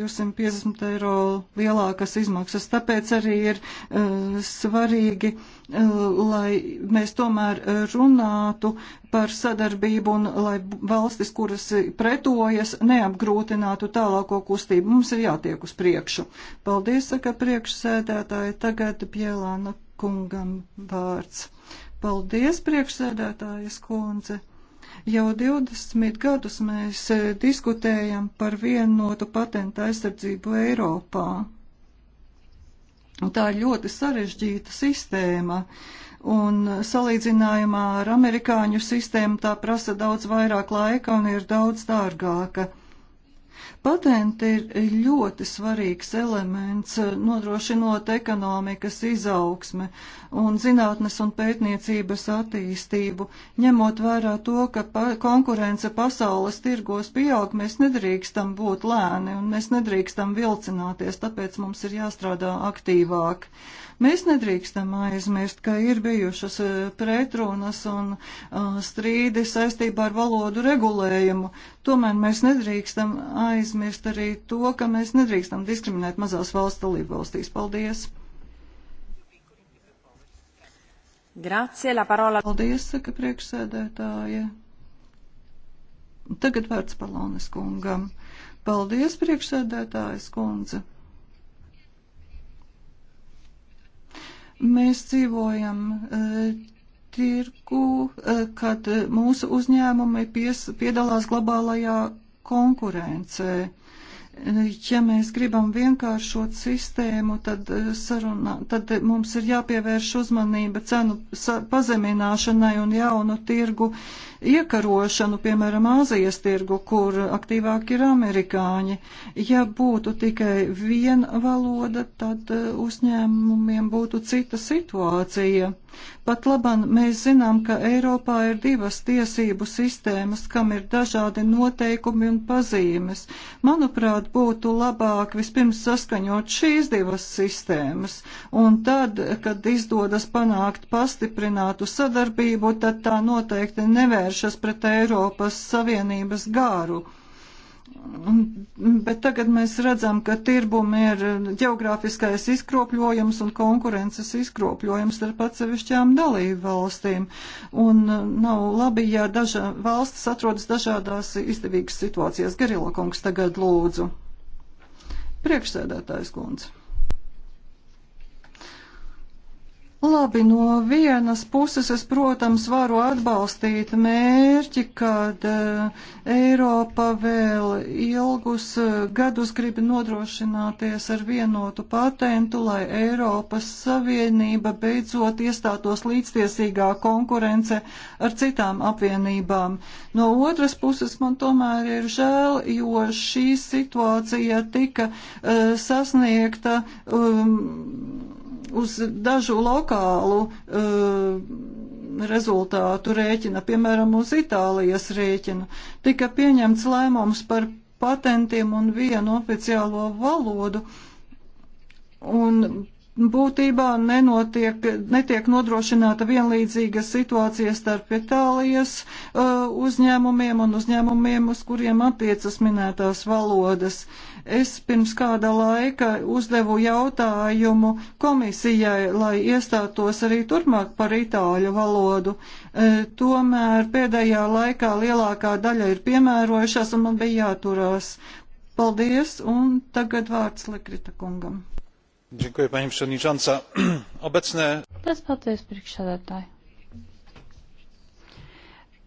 250 eiro lielākas izmaksas. Tāpēc arī ir uh, svarīgi uh, Eh, lai mēs tomēr runātu par sadarbību un lai valstis, kuras pretojas, neapgrūtinātu tālāko kustību. Mums ir jātiek uz priekšu. Paldies, saka priekšsēdētāji. Tagad Pielāna kungam vārds. Paldies, priekšsēdētājas kundze! Jau 20 gadus mēs eh, diskutējam par vienotu patentu aizsardzību Eiropā. Nu, tā ir ļoti sarežģīta sistēma. Un salīdzinājumā ar amerikāņu sistēmu tā prasa daudz vairāk laika un ir daudz dārgāka. Patenti ir ļoti svarīgs elements, eh, nodrošinot ekonomikas izaugsme un zinātnes un pētniecības attīstību. Ņemot vērā to, ka pa konkurence pasaules tirgos pieaug, mēs nedrīkstam būt lēni un mēs nedrīkstam vilcināties, tāpēc mums ir jāstrādā aktīvāk. Mēs nedrīkstam aizmirst, ka ir bijušas eh, pretrunas un eh, strīdi saistībā ar valodu regulējumu. Tomēr mēs nedrīkstam aizmirst arī to, ka mēs nedrīkstam diskriminēt mazās valsts dalību valstīs. Paldies! Grazie, la parola. Paldies, saka priekšsēdētāja. Tagad vārds Palonis kungam. Paldies, priekšsēdētājas kundze. Mēs dzīvojam eh, tirgu, eh, kad mūsu uzņēmumi pies, piedalās globālajā konkurencē. Eh, ja mēs gribam vienkāršot sistēmu, tad, sarunā, tad mums ir jāpievērš uzmanība cenu pazemināšanai un jaunu tirgu iekarošanu, piemēram, Āzijas tirgu, kur aktīvāk ir amerikāņi. Ja būtu tikai viena valoda, tad eh, uzņēmumiem būtu cita situācija. Pat labam mēs zinām, ka Eiropā ir divas tiesību sistēmas, kam ir dažādi noteikumi un pazīmes. Manuprāt, būtu labāk vispirms saskaņot šīs divas sistēmas, un tad, kad izdodas panākt pastiprinātu sadarbību, tad tā noteikti nevērš vēršas pret Eiropas Savienības gāru. Bet tagad mēs redzam, ka tirbumi ir geogrāfiskais izkropļojums un konkurences izkropļojums ar atsevišķām dalību valstīm. Un uh, nav labi, ja daža, valstis atrodas dažādās izdevīgas situācijās. Garilo kungs tagad lūdzu. Priekšsēdētājs kundze. Labi, no vienas puses es, protams, varu atbalstīt mērķi, kad uh, Eiropa vēl ilgus uh, gadus grib nodrošināties ar vienotu patentu, lai Eiropas Savienība beidzot iestātos līdztiesīgā konkurence ar citām apvienībām. No otras puses man tomēr ir žēl, jo šī situācija tika uh, sasniegta. Um, uz dažu lokālu eh, rezultātu rēķina, piemēram, uz Itālijas rēķina, tika pieņemts lēmums par patentiem un vienu oficiālo valodu. Un būtībā nenotiek, netiek nodrošināta vienlīdzīga situācija starp Itālijas uh, uzņēmumiem un uzņēmumiem, uz kuriem attiecas minētās valodas. Uh, Es pirms kāda laika uzdevu jautājumu komisijai, lai iestātos arī turpmāk par itāļu valodu. E, tomēr pēdējā laikā lielākā daļa ir piemērojušās un man bija jāturās. Paldies, un tagad vārds Lekrita kungam. Dziękuję, pani przewodnicząca. Obecne. Bez paldies, priekšsēdētāji.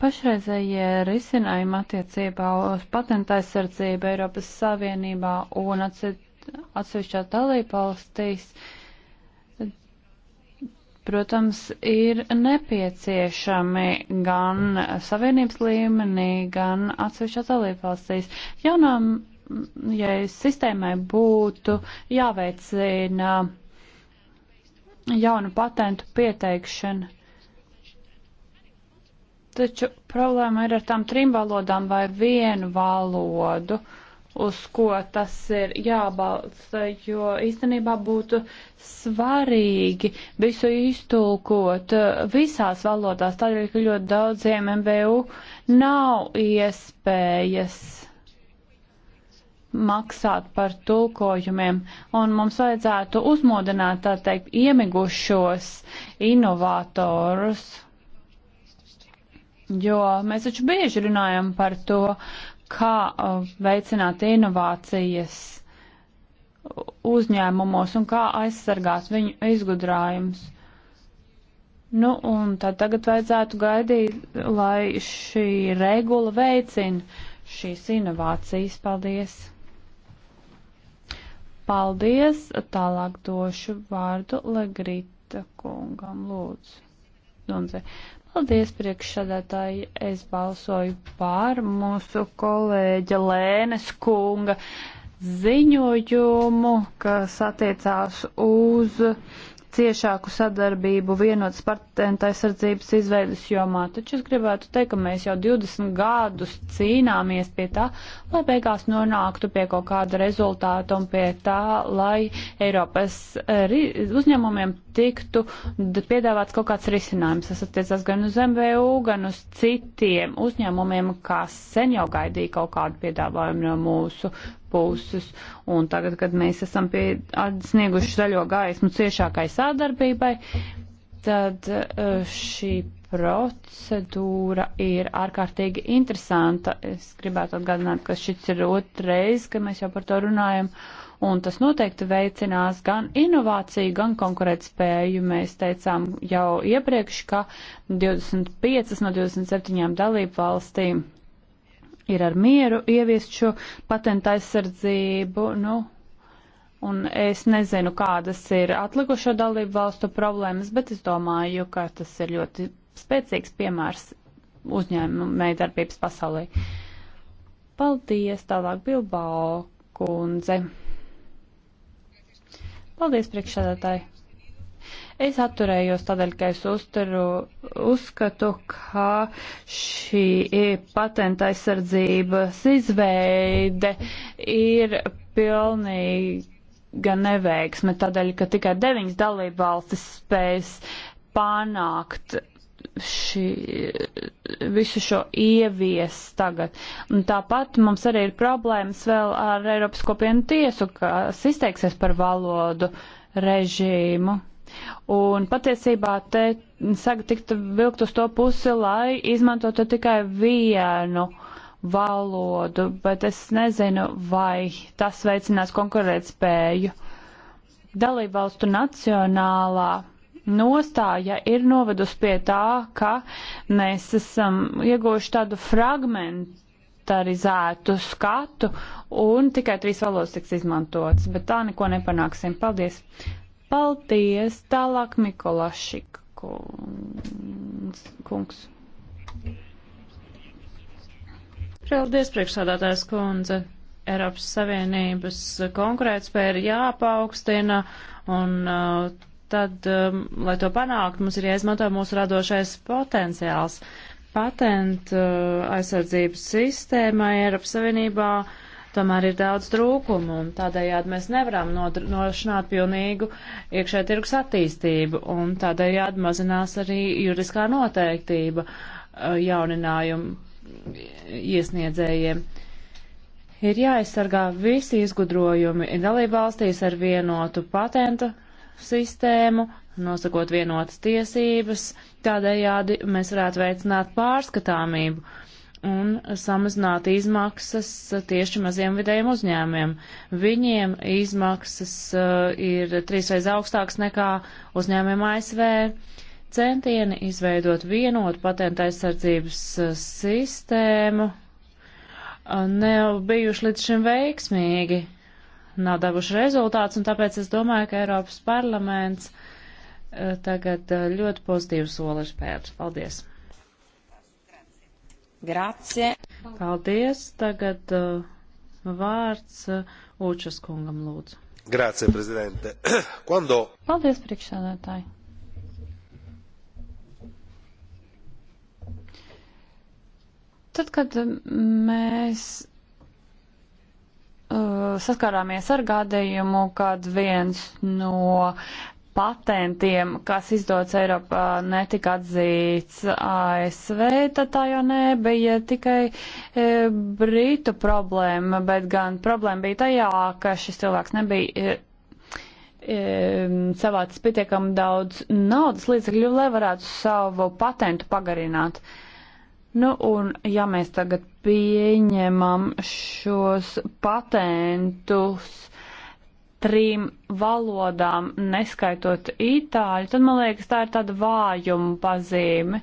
Pašreizējie risinājumi attiecībā uz patentaizsardzību Eiropas Savienībā un atsevišķā dalībvalstīs, protams, ir nepieciešami gan Savienības līmenī, gan atsevišķā dalībvalstīs. Jaunām ja sistēmai būtu jāveicina jaunu patentu pieteikšana Taču problēma ir ar tām trim valodām vai vienu valodu, uz ko tas ir jābalsta, jo īstenībā būtu svarīgi visu iztulkot visās valodās, tādēļ, ka ļoti daudziem MVU nav iespējas maksāt par tulkojumiem, un mums vajadzētu uzmodināt, tā teikt, iemigušos inovatorus jo mēs taču bieži runājam par to, kā uh, veicināt inovācijas uzņēmumos un kā aizsargāt viņu izgudrājumus. Nu, un tad tagad vajadzētu gaidīt, lai šī regula veicina šīs inovācijas. Paldies! Paldies! Tālāk došu vārdu Legrita kungam, lūdzu. Dundze. Paldies, priekšsādātāji. Es balsoju pār mūsu kolēģa Lēnes kunga ziņojumu, kas attiecās uz ciešāku sadarbību vienotas patenta aizsardzības izveidas jomā, taču es gribētu teikt, ka mēs jau 20 gadus cīnāmies pie tā, lai beigās nonāktu pie kaut kāda rezultāta un pie tā, lai Eiropas eh, uzņēmumiem tiktu piedāvāts kaut kāds risinājums. Tas attiecas gan uz MVU, gan uz citiem uzņēmumiem, kas sen jau gaidīja kaut kādu piedāvājumu no mūsu puses. Un tagad, kad mēs esam pie, snieguši zaļo gaismu ciešākai sādarbībai, tad eh, šī procedūra ir ārkārtīgi interesanta. Es gribētu atgādināt, ka šis ir otrais, ka mēs jau par to runājam. Un tas noteikti veicinās gan inovāciju, gan konkurētspēju. Mēs teicām jau iepriekš, ka 25 no 27 dalību valstīm ir ar mieru ieviest šo patentu aizsardzību. Nu, un es nezinu, kādas ir atlikušo dalību valstu problēmas, bet es domāju, ka tas ir ļoti spēcīgs piemērs uzņēmēju darbības pasaulē. Paldies, tālāk Bilbao kundze. Paldies, priekšsēdētāji. Es atturējos tādēļ, ka es uzturu, uzskatu, ka šī patenta aizsardzības izveide ir pilnīga neveiksme, tādēļ, ka tikai deviņas dalībvalstis spējas panākt šī, visu šo ievies tagad. Un tāpat mums arī ir problēmas vēl ar Eiropas kopienu tiesu, kas izteiksies par valodu režīmu. Un patiesībā te saka tiktu vilkt uz to pusi, lai izmantotu tikai vienu valodu, bet es nezinu, vai tas veicinās konkurētspēju. Dalībvalstu nacionālā nostāja ir novedusi pie tā, ka mēs esam ieguvuši tādu fragmentarizētu skatu un tikai trīs valodas tiks izmantotas, bet tā neko nepanāksim. Paldies! Paldies! Tālāk Mikolašik kungs. Paldies, priekšsādātājs kundze. Eiropas Savienības konkurētspēja ir jāpaukstina un uh, tad, um, lai to panākt, mums ir jāizmanto mūsu radošais potenciāls. Patentu uh, aizsardzības sistēmai Eiropas Savienībā uh, tomēr ir daudz trūkumu, un tādējādi mēs nevaram nodrošināt pilnīgu iekšē tirgus attīstību, un tādējādi mazinās arī juridiskā noteiktība uh, jauninājumu iesniedzējiem. Ir jāaizsargā visi izgudrojumi dalībvalstīs ar vienotu patentu sistēmu, nosakot vienotas tiesības, tādējādi mēs varētu veicināt pārskatāmību un samazināt izmaksas tieši maziem vidējiem uzņēmiem. Viņiem izmaksas uh, ir trīsreiz augstākas nekā uzņēmiem ASV. Centieni izveidot vienotu patenta aizsardzības uh, sistēmu uh, nav bijuši līdz šim veiksmīgi, nav devuši rezultāts, un tāpēc es domāju, ka Eiropas parlaments tagad ļoti pozitīvu soli ir spērts. Paldies! Grācie. Paldies. Tagad uh, vārds uh, Učas kungam lūdzu. Grācie, prezidente. Quando... Paldies, priekšsēdētāji. Tad, kad um, mēs uh, saskārāmies ar gādējumu, kad viens no patentiem, kas izdots Eiropā, netika atzīts ASV, tad tā jau nebija tikai e, Brītu problēma, bet gan problēma bija tajā, ka šis cilvēks nebija. E, e, savācis pietiekami daudz naudas līdzekļu, lai varētu savu patentu pagarināt. Nu, un ja mēs tagad pieņemam šos patentus trim valodām, neskaitot itāļu, tad man liekas, tā ir tāda vājuma pazīme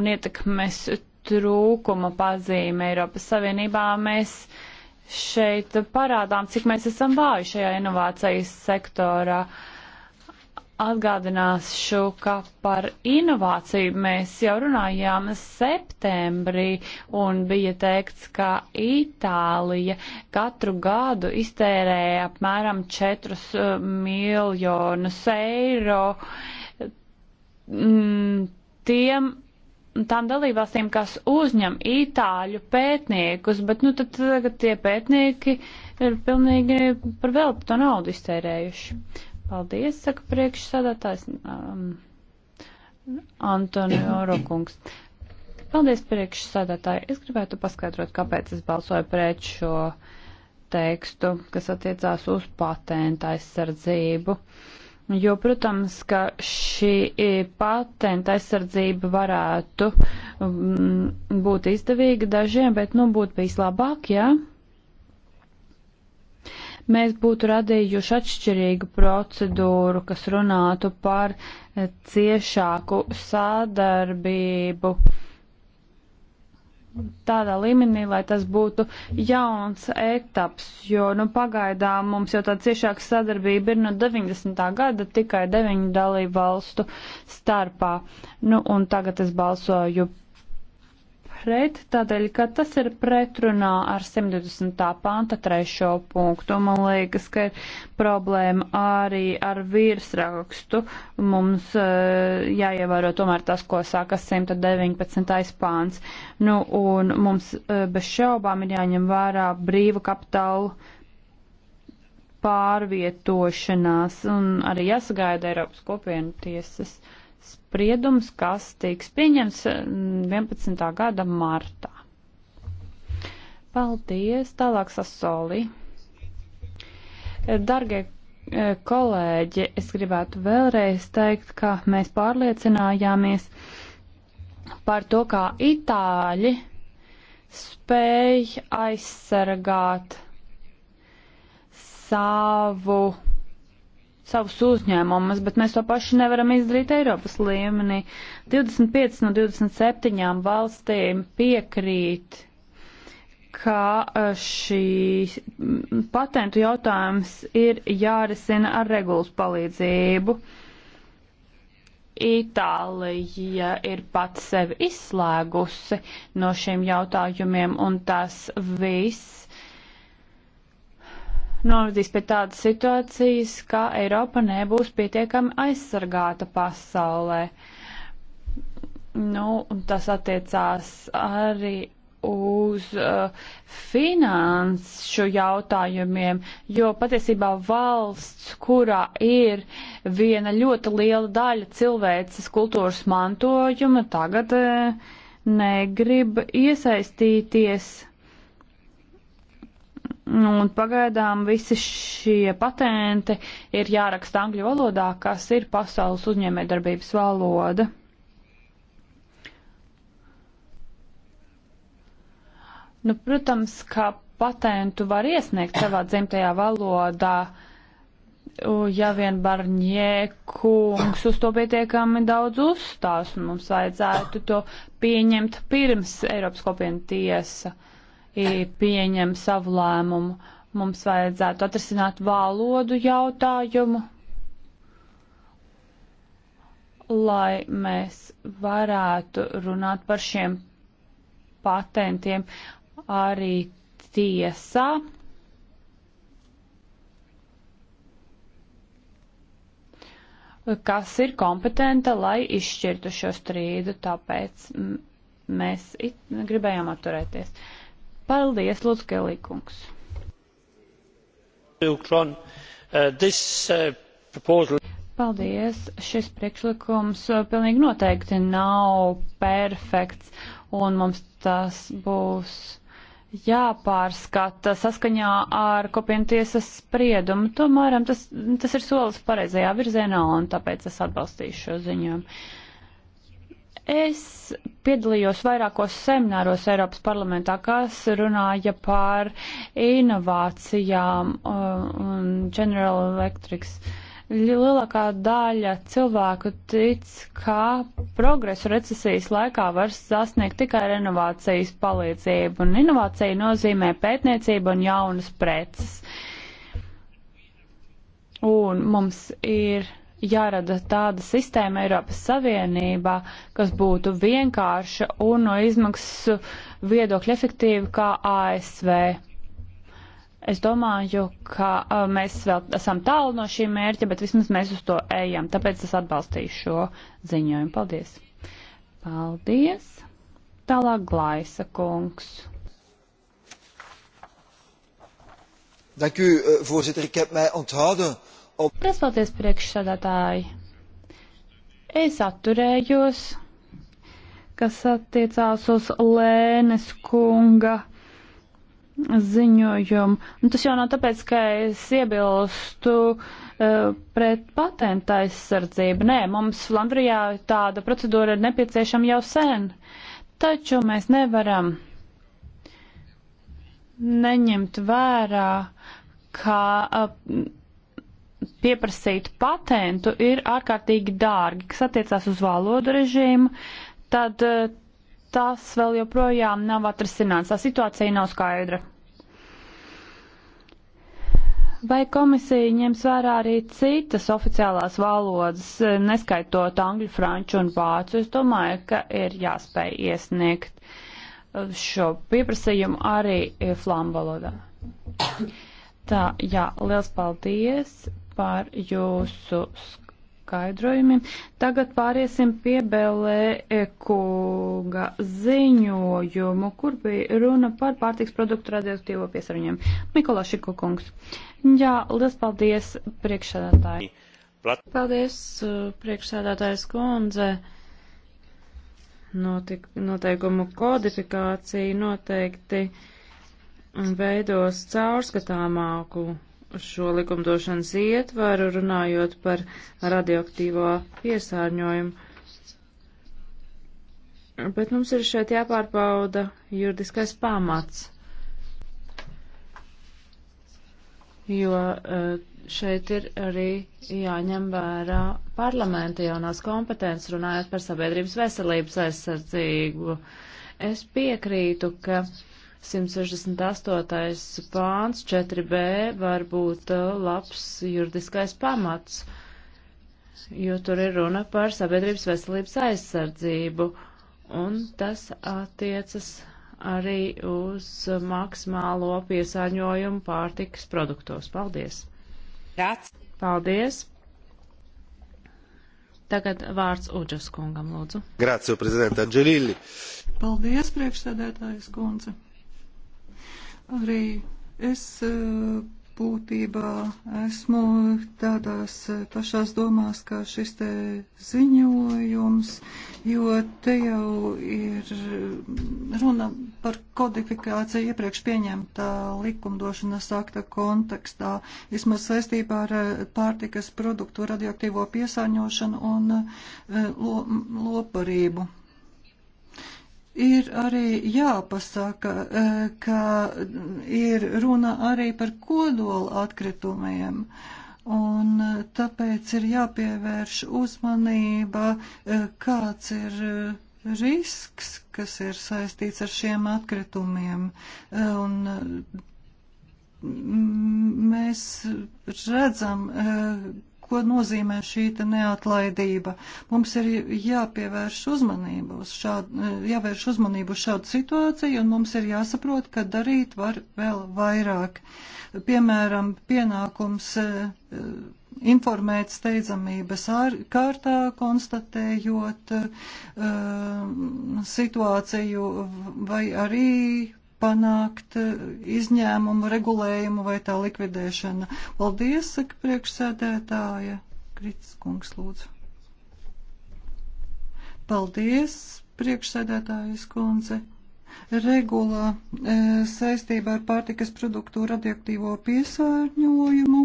un ietekmes trūkuma pazīme Eiropas Savienībā. Mēs šeit parādām, cik mēs esam vāji šajā inovācijas sektorā. Uh, Atgādināšu, ka par inovāciju mēs jau runājām septembrī un bija teikts, ka Itālija katru gadu iztērēja apmēram 4 eh, miljonus eiro mm, tiem tām dalībvalstīm, kas uzņem itāļu pētniekus, bet nu tad tagad tie pētnieki ir pilnīgi par velti to naudu iztērējuši. Paldies, saka priekšsādātājs um, Antonio Rokungs. Paldies, priekšsādātāji. Es gribētu paskaidrot, kāpēc es balsoju pret šo tekstu, kas attiecās uz patenta aizsardzību. Jo, protams, ka šī patenta aizsardzība varētu mm, būt izdevīga dažiem, bet, nu, būtu bijis labāk, jā. Ja? mēs būtu radījuši atšķirīgu procedūru, kas runātu par e, ciešāku sadarbību tādā līmenī, lai tas būtu jauns etaps, jo nu, pagaidām mums jau tāda ciešāka sadarbība ir no 90. gada tikai deviņu dalību valstu starpā. Nu, un tagad es balsoju pret, tādēļ, ka tas ir pretrunā ar 120. panta trešo punktu. Man liekas, ka ir problēma arī ar virsrakstu. Mums uh, jāievēro tomēr tas, ko saka 119. pāns. Nu, un mums uh, bez šaubām ir jāņem vērā brīvu kapitālu pārvietošanās un arī jāsagaida Eiropas kopienu tiesas spriedums, kas tiks pieņems 11. Mm, gada martā. Paldies, tālāk sasoli. Dargie e, kolēģi, es gribētu vēlreiz teikt, ka mēs pārliecinājāmies par to, kā itāļi spēj aizsargāt savu savus uzņēmumus, bet mēs to pašu nevaram izdarīt Eiropas līmenī. 25 no 27 valstīm piekrīt, ka e, šī patentu jautājums ir jārisina ar regulas palīdzību. Itālija ir pats sevi izslēgusi no šiem jautājumiem, un tas viss novadīs pie tādas situācijas, ka Eiropa nebūs pietiekami aizsargāta pasaulē. Nu, tas attiecās arī uz uh, finanšu jautājumiem, jo patiesībā valsts, kurā ir viena ļoti liela daļa cilvēces kultūras mantojuma, tagad uh, negrib iesaistīties Un pagaidām visi šie patenti ir jāraksta angļu valodā, kas ir pasaules uzņēmējdarbības valoda. Nu, protams, ka patentu var iesniegt savā dzimtajā valodā, ja vien Barņē kungs uz to pietiekami daudz uzstās, un mums vajadzētu to pieņemt pirms Eiropas kopienu tiesa. Uh, pieņem savu lēmumu. Mums vajadzētu atrisināt valodu jautājumu, lai mēs varētu runāt par šiem patentiem arī tiesā. kas ir kompetenta, lai izšķirtu šo strīdu, tāpēc mēs gribējām atturēties. Uh, Paldies, Lūdzu, Kelīkungs. Uh, uh, Paldies. Šis priekšlikums uh, pilnīgi noteikti nav perfekts, un mums tas būs jāpārskata saskaņā ar kopienu tiesas spriedumu. Tomēr tas, tas ir solis pareizajā virzienā, un tāpēc es atbalstīšu šo ziņojumu. Es piedalījos vairākos semināros Eiropas parlamentā, kas runāja par inovācijām uh, un General Electrics. Lielākā daļa cilvēku tic, ka progresu recesijas laikā var sasniegt tikai ar inovācijas palīdzību, un inovācija nozīmē pētniecību un jaunas preces. Un mums ir jārada tāda sistēma Eiropas Savienībā, kas būtu vienkārša un no izmaksu viedokļa efektīva kā ASV. Es domāju, ka uh, mēs vēl esam tālu no šī mērķa, bet vismaz mēs uz to ejam, tāpēc es atbalstīšu šo ziņojumu. Paldies! Paldies! Tālāk Glaisa kungs. Dank u, eh, voorzitter. Ik heb mij onthouden uh, Paldies, priekšsēdētāji. Es atturējos, kas attiecās uz Lēnes kunga ziņojumu. Un tas jau nav tāpēc, ka es iebilstu uh, pret patenta aizsardzību. Nē, mums Flandrijā tāda procedūra ir nepieciešama jau sen. Taču mēs nevaram neņemt vērā, ka uh, pieprasīt patentu ir ārkārtīgi dārgi, kas attiecās uz valodu režīmu, tad eh, tas vēl joprojām nav atrasināts. Tā situācija nav skaidra. Vai komisija ņems vērā arī citas oficiālās valodas, eh, neskaitot angļu, franču un vācu? Es domāju, ka ir jāspēj iesniegt eh, šo pieprasījumu arī flāmu valodā. Tā, jā, liels paldies par jūsu skaidrojumiem. Tagad pāriesim pie Belēkunga ziņojumu, kur bija runa par pārtiks produktu radioaktīvo piesārņojumu. Mikolašiku kungs. Jā, liels paldies priekšsēdētāji. Paldies priekšsēdētājs kundze. Notik, noteikumu kodifikācija noteikti veidos caurskatāmāku šo likumdošanas ietvaru, runājot par radioaktīvo piesārņojumu. Bet mums ir šeit jāpārbauda juridiskais pamats, jo eh, šeit ir arī jāņem vērā parlamenta jaunās kompetences, runājot par sabiedrības veselības aizsardzību. Es piekrītu, ka uh, 168. pāns 4b var būt uh, labs juridiskais pamats, jo tur ir runa par sabiedrības veselības aizsardzību, un tas attiecas arī uz maksimālo piesāņojumu pārtikas produktos. Paldies! Rāc. Paldies! Tagad vārds Uģas kungam, lūdzu. Grācio, prezidenta Anģelīli. Paldies, priekšsēdētājas kundze. Arī es eh, būtībā esmu tādās eh, pašās domās, kā šis te ziņojums, jo te jau ir eh, runa par kodifikāciju iepriekš pieņemtā likumdošanas akta kontekstā, vismaz saistībā ar pārtikas produktu radioaktīvo piesāņošanu un loparību. Lo ir arī jāpasaka, e, ka ir runa arī par kodola atkritumiem. Un tāpēc ir jāpievērš uzmanība, e, kāds ir risks, kas ir saistīts ar šiem atkritumiem. E, un mēs redzam, ko nozīmē šī neatlaidība. Mums ir jāpievērš uzmanību uz šādu, jāvērš uzmanību uz šādu situāciju, un mums ir jāsaprot, ka darīt var vēl vairāk. Piemēram, pienākums e, e, informēt steidzamības kārtā, konstatējot uh, situāciju vai arī panākt eh, izņēmumu regulējumu vai tā likvidēšana. Paldies, saka priekšsēdētāja. Krits kungs, lūdzu. Paldies, priekšsēdētājas kundze regulā e, eh, saistībā ar pārtikas produktu radioaktīvo piesārņojumu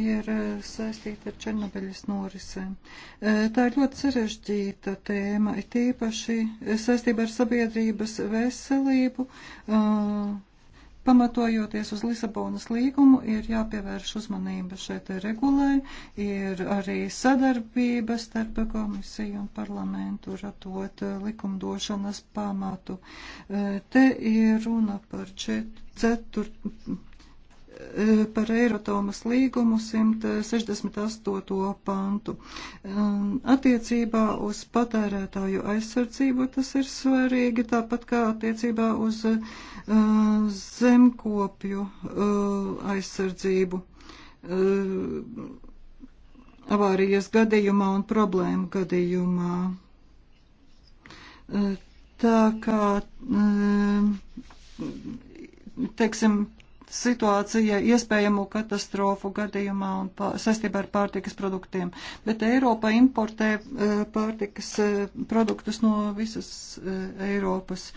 ir eh, saistīta ar Černobeļas norisēm. Eh, tā ir ļoti sarežģīta tēma, it īpaši eh, saistībā ar sabiedrības veselību. Pamatojoties uz Lisabonas līgumu, ir jāpievērš uzmanība šeit regulē, ir arī sadarbība starp komisiju un parlamentu, ratot likumdošanas pamatu. Te ir runa par četru par Eiratomas līgumu 168. pantu. Um, attiecībā uz patērētāju aizsardzību tas ir svarīgi, tāpat kā attiecībā uz uh, zemkopju uh, aizsardzību uh, avārijas gadījumā un problēmu gadījumā. Tā kā, teiksim, situācija iespējamu katastrofu gadījumā un saistībā ar pārtikas produktiem. Bet Eiropa importē e, pārtikas e, produktus no visas e, Eiropas.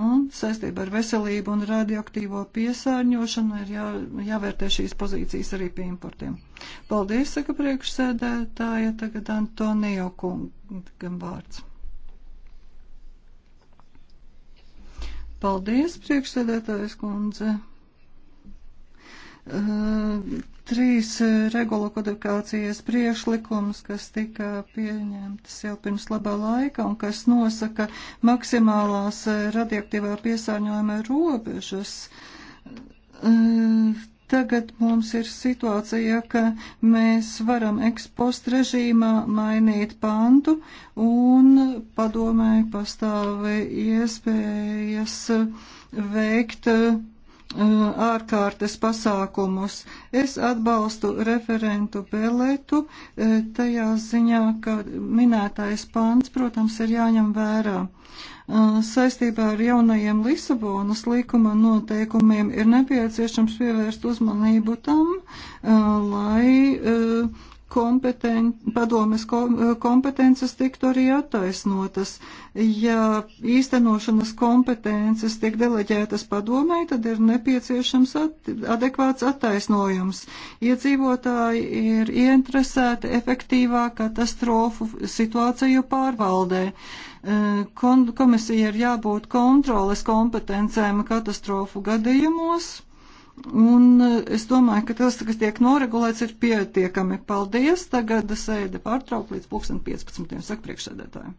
Un saistībā ar veselību un radioaktīvo piesārņošanu ir jā, jāvērtē šīs pozīcijas arī pie importiem. Paldies, saka priekšsēdētāja, tagad Antonio kungam vārds. Paldies, priekšsēdētājas kundze trīs regulu kodifikācijas priekšlikums, kas tika pieņemtas jau pirms labā laika un kas nosaka maksimālās radioaktīvā piesārņojuma robežas. Tagad mums ir situācija, ka mēs varam ekspost režīmā mainīt pantu un padomē pastāvi iespējas veikt uh, ārkārtas pasākumus. Es atbalstu referentu Beletu tajā ziņā, ka minētais pants, protams, ir jāņem vērā. Saistībā ar jaunajiem Lisabonas līkuma noteikumiem ir nepieciešams pievērst uzmanību tam, lai kompeten, padomes eh, kompetences tiktu arī attaisnotas. Ja īstenošanas kompetences tiek deleģētas padomē, tad ir nepieciešams at, adekvāts attaisnojums. Iedzīvotāji ir ieinteresēti efektīvā katastrofu situāciju pārvaldē. Eh, komisija ir jābūt kontroles kompetencēm katastrofu gadījumos Un eh, es domāju, ka tas, kas tiek noregulēts, ir pietiekami. Paldies! Tagad sēde pārtrauk līdz 2015. saka priekšsēdētājiem.